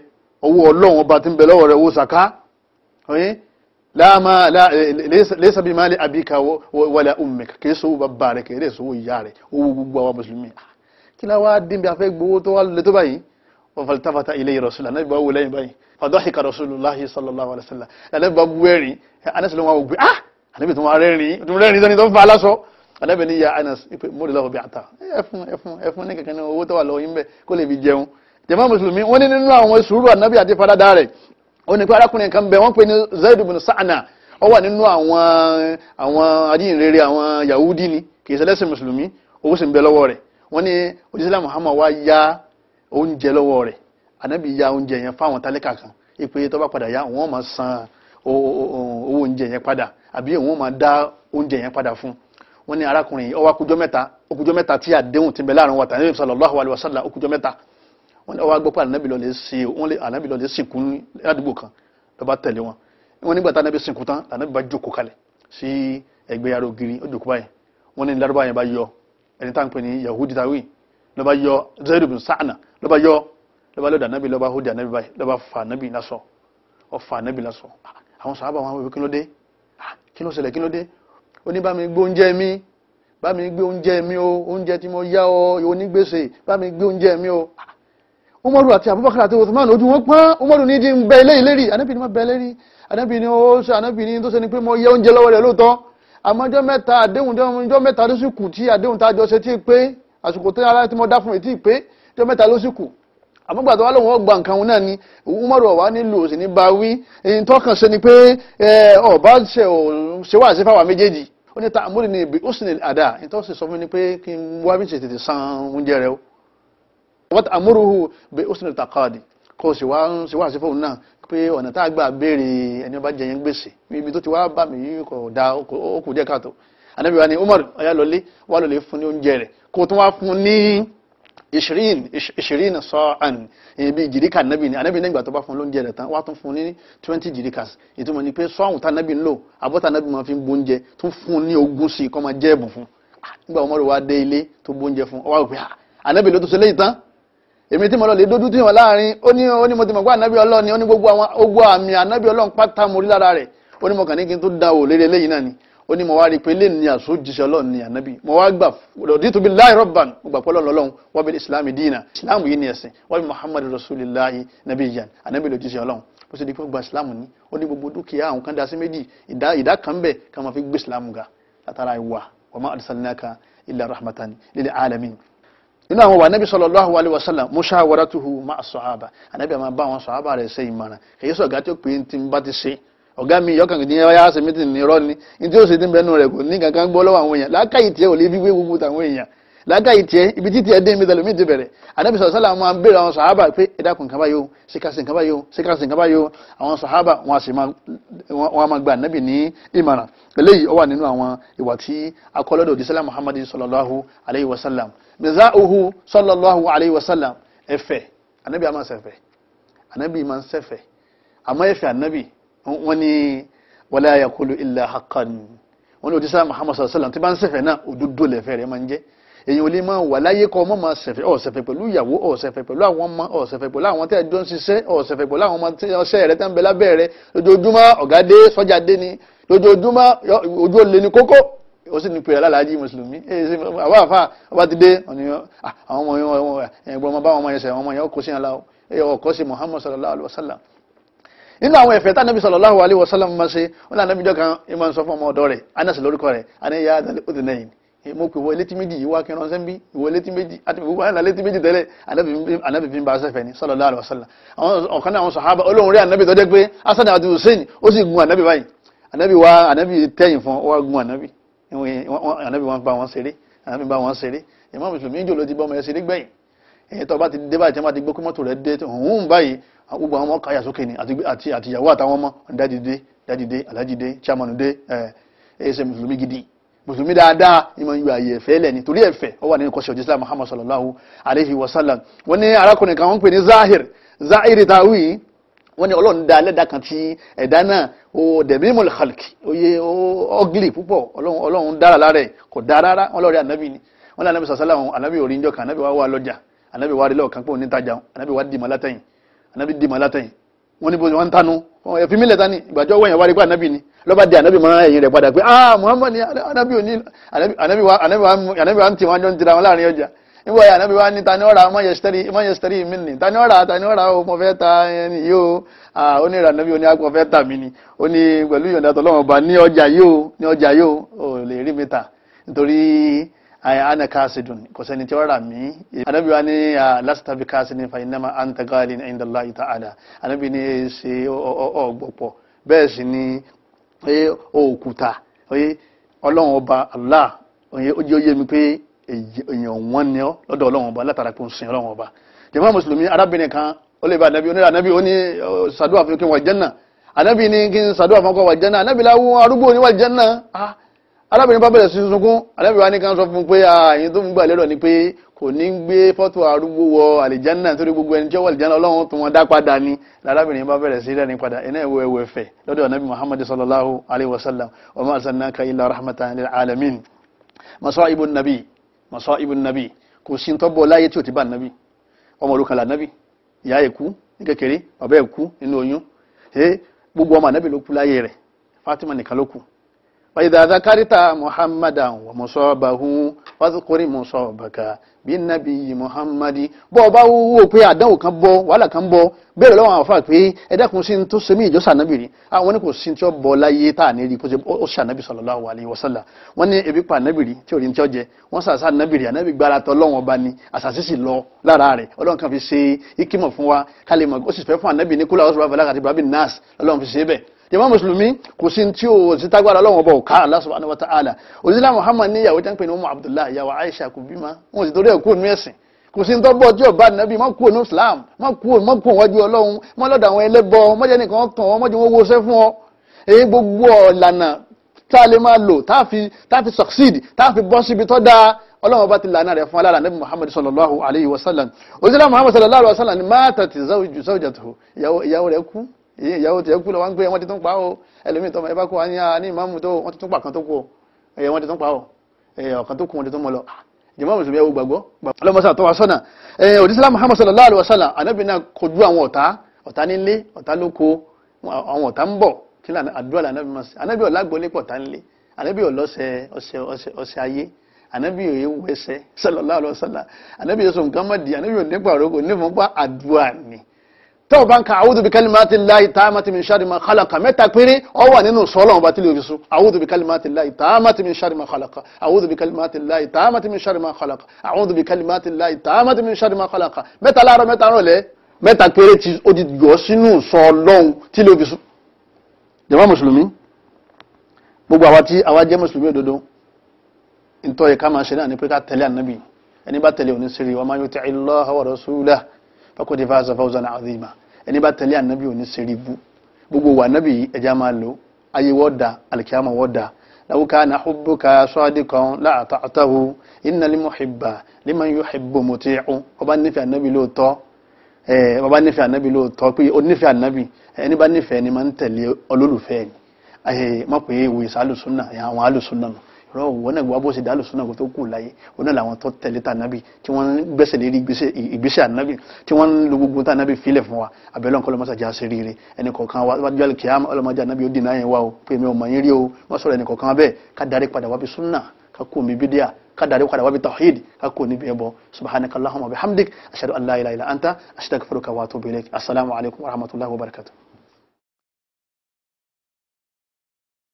Speaker 1: owó ọlọ́run ọba tí ń bẹ lọ́wọ́ rẹ owó sàká láàmà lẹ́sàbí máa lé àbíkà wọlé ummik kìí sọ bàbá rẹ kìí rẹ̀ sọ ìyá rẹ owó gbogbo àwọn mùsùlùmí ah, kí lá wá dín bí afẹ́ gbowó tó wá lè tó báyìí wọ́n fà tafata ilé rasulullah náà bá wò lẹ́yìn báyìí fadhahika rasulullahi sallallahu alaihi wasallam náà bá wẹ́rìn anẹ́sìlẹ̀ ah àníbi tó wọn rẹ́rìn tó rẹ́rìn sẹ́ni tó anábì ní ya anas ipe mo lè lọ́wọ́ bí ata eh, ẹfun ẹfun ẹfun ní kankan ní owó tó wà lọ́wọ́ yín bẹ́ẹ̀ kó lè fi jẹun jàmá mùsùlùmí wọ́n ní nínú àwọn sùúrù anábì àti faradà rẹ̀ ó ní pé arákùnrin kan bẹ wọ́n pe ní zaid bin sa'ana ó wà nínú àwọn àwọn adíyìnrere àwọn yahudi ni kì í ṣẹlẹ́sìn mùsùlùmí owó sì ń bẹ lọ́wọ́ rẹ̀ wọ́n ní òjísílẹ̀ muhammad wá ya oúnjẹ lọ́wọ́ rẹ̀ anábì ya oúnjẹ yẹn fáwọn tálákà kan ipe tó bá padà ya wọ́n máa san owó oúnjẹ yẹn padà àbí wọ́n máa dá oúnjẹ yẹn padà fún un wọ́n ní arákùnrin ó wá kújọ́ mẹ́ta ó kújọ́ mẹ́ta tí àdéhùn ti bẹ̀ láàrin wa tàbí sallallahu alaihi wasallam ó kújọ́ mẹ́ta wọ́n ní ó wá gbọ́ pé ànábì lọ lè ṣe wọ́n lè ànábì lọ lè sìnkú ládùúgbò kan ló bá tẹ̀lé wọn wọ́n nígbà tá ànábì sìnkú tán ànábì bá jókòó kalẹ̀ sí ẹgbẹ́ yàrá ògiri ó jókòó báyìí wọ́n ní lárúbá yẹn bá yọ ẹni tá à ń pè ní yahudi tawi ló yọ zayd bin sa'na ló yọ ló bá lọ́dà ànábì ló bá báyìí ló fa ànábì lásọ ọ fa ànábì lásọ ah, àwọn sàhábà wọn wípé kí ló dé ah, kí ló ṣẹlẹ̀ oníbàmí gbé oúnjẹ mi bá mi gbé oúnjẹ mi o oúnjẹ tí mo yá ọ onígbèsè bá mi gbé oúnjẹ mi o umaru àti abubakar àti uthman ojú wọn pọ́n umaru ní di bẹ ilé ìlérí anábì ni má bẹ lérí anábì ni ó ṣe anábì ni tó ṣe ni pé mo yẹ oúnjẹ lọ́wọ́ rẹ̀ lóòótọ́ àmọ́ ọjọ́ mẹ́ta àdéhùn ọjọ́ mẹ́ta ló sì kù tí àdéhùn tá a jọ ṣe tí ì pé àsìkò tó yára tí mo dá fún mi tí ì pé ọjọ́ mẹ́ta ló sì kù àmọ́gbà tó wá lóun ó gba nǹkan náà ni umaru ọ̀wá nílò òsì ní bawí ntọ́kàn ṣe ni pé ọba ṣe wá sí fáwọn méjèèjì ó ní ta àmúlò ní ibi ó sì ní àdá ntọ́ sì sọ fún mi ni pé kí n wá bí ṣe tètè san oúnjẹ rẹ o wọ́n ta àmúrò hù bí ó sì ní takadi kó sì wá ṣe wá sí fóun náà pé ọ̀nà tá a gbà béèrè ẹni ọba jẹ yẹn gbèsè ibi tó ti wá bá mi yìí kò da ó kù díẹ̀ káàtó ni umaru ọ̀yá lọlé wà lọlé fún ní oúnjẹ rẹ̀ ìṣirin ìṣirin sọ́ọ̀n èyí bí jìríkà nábì ni anábì nígbà tó bá fún lóúnjẹ rẹ̀ tán wá tún fún ní twenty jìríkàs ìtumọ̀ ni pé sọ́ọ̀n tá nábì ń lò abọ́tà nábì máa fi ń bóúnjẹ tún fún ní ogún sí kọ́ máa jẹ́ ẹ̀bùn fún ah, nígbà wọn wá dé ilé tó bóúnjẹ fún ọwọ́ òpè anábì ah, ló tún ṣe léyìí tán èmi tí mo lọ lè dójú tí wọn láàrin ó ní ó ní mo ti mọ̀ pé anábì ọlọ́ọ̀ni ó ní gbogbo àwọn ogbó àmì anábì ọlọ́ọ̀n pátá mo rí lára rẹ̀ ó ní mo kàn ní kí n tó dáwò lérí eléyìí náà ó ní mo wá rí i pé lè ní àṣọ jíṣẹ́ ọlọ́run ní ànábì mo wá gbà lọ́dí tóbi láì rọ́bàn mo gbà pọ́lọ́ lọ́lọ́run wọ́n bẹ ìsìlámù dínà ìsìlámù yìí ni ẹ̀sìn wọ́n bí muhammad rasulillahi nabi yan ànábì ló jíṣẹ́ ọlọ́run bó ṣe di pé gba ìsìlámù ní ó ní gbogbo dúkìá àwọn kan dá sí méjì ìdá kan bẹ̀ ká máa fi gbé ìsìlámù ga látara ìwà wa ma arsalnaka illa rahmatan lil alamin nínú àwọn wà nábì sallallahu alaihi wasallam mushawaratuhu ma'a sahaba ànábì àmà bá àwọn sahaba rẹ̀ ṣe ìmọ̀ràn kìí sọ̀gá tí ó pè é ti ń bá ti ṣe ọ̀gá mi yọkàn ní ọyá ṣe mítìn ní irọ́ ni ní tí ó ṣe ti ń bẹnu rẹ̀ kò ní kankan gbọ́ lọ́wọ́ àwọn èèyàn lákàyè tiẹ̀ ò lè fi wé gbogbo tàwọn èèyàn lákàyè tiẹ̀ ibi títí ẹ̀ dé mi tẹ̀lé mi ti bẹ̀rẹ̀ ànábì sọ̀rọ̀ sálà máa ń béèrè àwọn sàhábà pé ẹ dákun báyò ṣe ká báyò ṣe ká báyò àwọn sàhábà wọn a máa gba ànábì ní ìmọ̀ràn eléyìí ó wà nínú àwọn ìwà tí akọlọ́dọ̀ òdìsẹ́lá muhammadu sallallahu alayhi wa sallam miza'uhu sallallahu alayhi wa sallam ẹ̀fẹ̀ ànábì a máa ń ṣẹ̀fẹ̀ ànábì máa ń àmọ́ ẹ̀fẹ̀ ànábì wọ́n ní wala yaqulu illa haqqan wọ́n ní òjísà Muhammad sallallahu alaihi wasallam tí bá ń ṣẹ̀fẹ̀ náà òdodo lẹ̀fẹ̀ rẹ̀ máa ń jẹ́ èyàn ò lè máa wà láyé kọ́ ọmọ máa ṣẹ̀fẹ̀ ọ̀ṣẹ̀fẹ̀ pẹ̀lú ìyàwó ọ̀ṣẹ̀fẹ̀ pẹ̀lú àwọn ọmọ ọ̀ṣẹ̀fẹ̀ pẹ̀lú àwọn tẹ́ ẹ jọ ń ṣiṣẹ́ pẹ̀lú àwọn ọmọ tí ọṣẹ́ rẹ tẹ́ ń bẹ lábẹ́ rẹ lójoojúmọ́ ọ̀gá dé sọ́jà dé ni lójoojúmọ́ ojú olè ni kókó ó sì ní pèrè alálàájì mùsùlùmí àwọn àfa ọba ti dé ah, àwọn ọmọ yẹn ọmọ yẹn ṣe àwọn ọmọ yẹn ọkọ sí Muhammad sallallahu alaihi wasallam nínú àwọn ẹ̀fẹ̀ tánàbí sallallahu alaihi wasallam máa ṣe wọn náà nàbí jọkan ìmọ̀ sọ fún ọmọ ọ̀dọ́ rẹ̀ anásì lórúkọ rẹ̀ aníyá adúlẹ̀yìn mo pè wọ létí méjì yìí wá kí ránṣẹ́ ń bí ìwọ létí méjì àti ìwọ àná létí méjì tẹ́lẹ̀ anábì fi ń ba aṣẹ́fẹ̀ ni sallallahu alaihi wasallam àwọn ọ̀kan náà àwọn sàhábà olóhùn rí anábì tó jẹ́ pé asan àti hussein ó sì gun anábì báyìí anábì wa anábì tẹ́yìn fún wa gun anábì anábì wọn bá wọn ṣeré anábì bá wọn ṣeré ìmọ̀ mùsùlùmí jòló ti bọ́ ọmọ ẹ̀ ṣeré gbẹ̀yìn ẹ̀yìn tó bá ti dé báyìí tí wọ́n ti gbé kó mọ́tò rẹ̀ dé òun báyìí gbogbo àwọn ọmọ káyà sókè ni àti àtìyàwó àtàwọn ọmọ dájídé dájídé alájídé chairman dé ẹsẹ mùsùlùmí gidi mùsùlùmí dáadáa ìmọ̀ ìwà ayé ẹ̀fẹ́ lẹ̀ nítorí ẹ̀fẹ́ ó wà nínú kọ́sí ọ̀jọ́ islam muhammad sallallahu alayhi wa sallam wọ́n ní arákùnrin kan wọ́n pè ní zahir zahir tawi wọ́n ní ọlọ́run dá alẹ́ dákan tí ẹ̀dá náà ó dẹ̀mímọ̀lì khalki oye ọ́gìlì púpọ̀ ọlọ́run dára lára ẹ̀ kò dára rárá wọ́n lọ́ọ́ rí ànábì ni wọ́n ní ànábì sàṣálà àwọn ànábì kan ànábì wa wà lọ́jà anabi wa rilẹ ọkan pé òun ní tajà anabi wa dìmọ látẹ̀yìn anabi dìmọ látẹ̀yìn wọn ní bó wọn ń tanu ẹfin mílẹ̀ tani ìgbàjọ́ wẹ̀yìn wa rí pé anabi ni lọ́ba di anabi mọ́ra ẹ̀yìn rẹ̀ padà pé ah muhammad ni anabi oni, ní anabi wa anabi wa ń tì wọn jọ ń tira wọn láàrin ọjà níbo ya anabi wa ni tani ọ̀ra mayestari mi ni tani ọ̀ra tani ọ̀ra o mo fẹ́ ta ẹni yìí ah oni ní ìrànà oni o ní akọ fẹ́ tà ni ó ní pẹ̀lú ìyọ̀ǹda tọ́lọ́mọba ní ọjà yìí o ní ọjà o lè rí mi tà nítorí ana kasidun kò sẹ́ni tí wọ́n mi, mí. anabi wa ni lásìtà bí kasidun fa innama anta galin inda Allahi ta'ala anabi ni e ṣe ọgbọ̀pọ̀ bẹ́ẹ̀ sì ni e, òkúta ọlọ́run ọba allah ó jẹ́ oyé mi pé èèyàn wọn ni ọ lọ́dọ̀ ọlọ́run ọba látara pé ń sin ọlọ́run ọba jàmáà mùsùlùmí arábìnrin kan ó lè ba anabi onílà anabi oní sàdúrà fún kí n wà jẹ́nà anabi ni kí n sàdúrà fún kí n wà anabi láwọn arúgbó ni wà jẹ́nà ah arábìnrin bá bẹ̀rẹ̀ sí sunkún alábìnrin wa ní ká sọ fún pé àyìn tó ń gbà lérò ni pé kò ní gbé fọ́tò arúgbó wọ àlìjánà torí gbogbo ẹni tí ó wà àlìjánà ọlọ́run tó wọn dá padà ni arábìnrin bá bẹ̀rẹ̀ sí rẹ́ni padà iná ìwé ẹwẹ́ fẹ̀ lọ́dọ̀ anabi muhammad sallallahu alayhi wa sallam wa ma arsalnaka illa rahmatan lil alamin ibu nabi ibu nabi kò sí tó bọ́ láyé tí ò ti bá nabi ọmọ olùkànlá nabi ìyá ẹ̀kú ní kékeré bàbá ẹ̀kú nínú oyún gbogbo ọmọ anabi ló kú láyé rẹ̀ fatima nìkan ló kù فإذا ذكرت محمدا ومصابه فاذكر مصابك بالنبي محمد bó bá wò pé àdánwò kan bọ̀ wàhálà kan bọ̀ bẹ́ẹ̀ lọ́wọ́ àwọn àfáà pé ẹ dákun sí tó ṣe mí ìjọ sànábì rí àwọn ní kò sí tí ó bọ̀ láyé tá à ní rí kó ṣe ó sànábì sallallahu alaihi wasallam wọ́n ní ebi pa ànábì rí tí ò rí ní tí ó jẹ wọ́n sà sànábì rí ànábì gbára tọ́ lọ́wọ́n bá ní àṣàṣì sì lọ lára rẹ̀ ọlọ́run kan fi ṣe ikímọ̀ fún wa kálí mọ̀ ó sì fẹ́ fún ànábì ní kúlà ọ̀ṣun jàmá mùsùlùmí kò sí tí o sí tágbára lọ́wọ́ bọ̀ ká Allah subhanahu wa ta'ala òsínlá muhammad ní ìyàwó jẹ́ńpẹ́ ní ọmọ abdullahi ìyàwó aisha kò bímọ wọn sì torí ẹ̀ kú ònú ẹ̀sìn kò sí tó bọ́ tí ò bá nàbí má kú ònú islam má kú ònú má kú òwájú ọlọ́run má lọ́dọ̀ àwọn ẹlẹ́bọ má jẹ́ nìkan kàn wọ́n má jẹ́ wọ́n wo sẹ́ fún ọ èyí gbogbo ọ̀lànà tá a lè máa lò tá a fi succeed tá a fi bọ́ síbi tó dáa ọlọ́run bá ti lànà rẹ̀ fún alára nabi muhammad sallallahu alayhi wa sallam òsínlá muhammad sallallahu alayhi wa sallam ni má tàtí zawjatu ìyàwó rẹ̀ kú ìyàwó tẹ̀ kú lọ wá ń gbé wọ́n ti tún pa ó ẹlòmíì tọmọ ẹ bá kó wa ní ní ìmáàmù tó wọ́n ti tún pa kan tó kú ẹ̀yẹ wọ́n ti tún pa ó ẹ̀yẹ ọ̀kan tó kú wọ́n ti tún mọ lọ jẹ̀mọ́ mùsùlùmí ẹ̀wọ̀ gbàgbọ́ ọlọ́mọsá tó wa sọ́nà ẹ̀yẹ òdìsílá Muhammad sallallahu alaihi wasallam anábì náà kojú àwọn ọ̀tá ọ̀tá nílé ọ̀tá lóko àwọn ọ̀tá ń bọ̀ kí lànà àdúrà lànà bí màsí anábì ọ̀làgbọ́lé pọ̀ tá nílé anábì ọ̀lọ́sẹ̀ ọ̀sẹ̀ ọ̀sẹ̀ ọ̀sẹ̀ ayé anábì òye wẹsẹ̀ sallallahu alaihi wasallam anábì yẹsùn nǹkan mọ̀dì anábì òní pàrọ̀ kò ní fún pa àdúrà ni tọ́ ọba ń ka a'udhu bi kalimati llahi taamati min sharri ma khalaqa mẹ́ta péré ọ wà nínú sọ́ọ̀lọ́ ọba tí lè fi sùn a'udhu bi kalimati llahi taamati min sharri ma khalaqa a'udhu bi kalimati llahi taamati min sharri ma khalaqa a'udhu bi kalimati llahi taamati min sharri ma khalaqa mẹ́ta láàárọ̀ mẹ́ta rọ̀lẹ́ mẹ́ta péré tí ó ti yọ sínú sọ́ọ̀lọ́ tí lè fi sùn. jàmá mùsùlùmí gbogbo fakodi fáza na azima ẹni bá tẹ̀lé ànábì òní sẹ́rí bú gbogbo wa ànábì ẹja máa lò ayé wọ́dà alikiyama wọ́dà law kana hubbuka sadiqan la ata'tahu innal muhibba liman yuhibbu muti'u ọba nífẹ̀ẹ́ ànábì lóòótọ́ ọba nífẹ̀ẹ́ ànábì lóòótọ́ pé ó nífẹ̀ẹ́ ànábì ẹni bá nífẹ̀ẹ́ ni máa ń tẹ̀lé olólùfẹ́ ẹ̀ mọ̀ pé ìwé ìsàlùsùnà àwọn àlùsùnà nù rọ òwò náà wá bó ṣe dálù súnà kó tó kù láyé òun náà làwọn tó tẹ̀lé tà nábì tí wọ́n ń gbẹ́sẹ̀ lérí ìgbésẹ̀ ànábì tí wọ́n ń lo gbogbo tà nábì filẹ̀ fún wa abẹ́lẹ́ nǹkan ọlọ́mọṣà já sí rere ẹnì kọ̀ọ̀kan wa wájú àlùkìyà ọlọ́mọjà nábì ó dìnnà yẹn wa o pé mi ò mọ̀ yín rí o wọ́n sọ̀rọ̀ ẹnì kọ̀ọ̀kan bẹ́ẹ̀ ká darí padà wá bí súnà ká kú mi bídíà ká darí padà wá bí tawhid ká kú níbi ẹbọ subhanakallahumma wa bihamdik ashhadu an anta astaghfiruka wa atubu assalamu alaikum wa rahmatullahi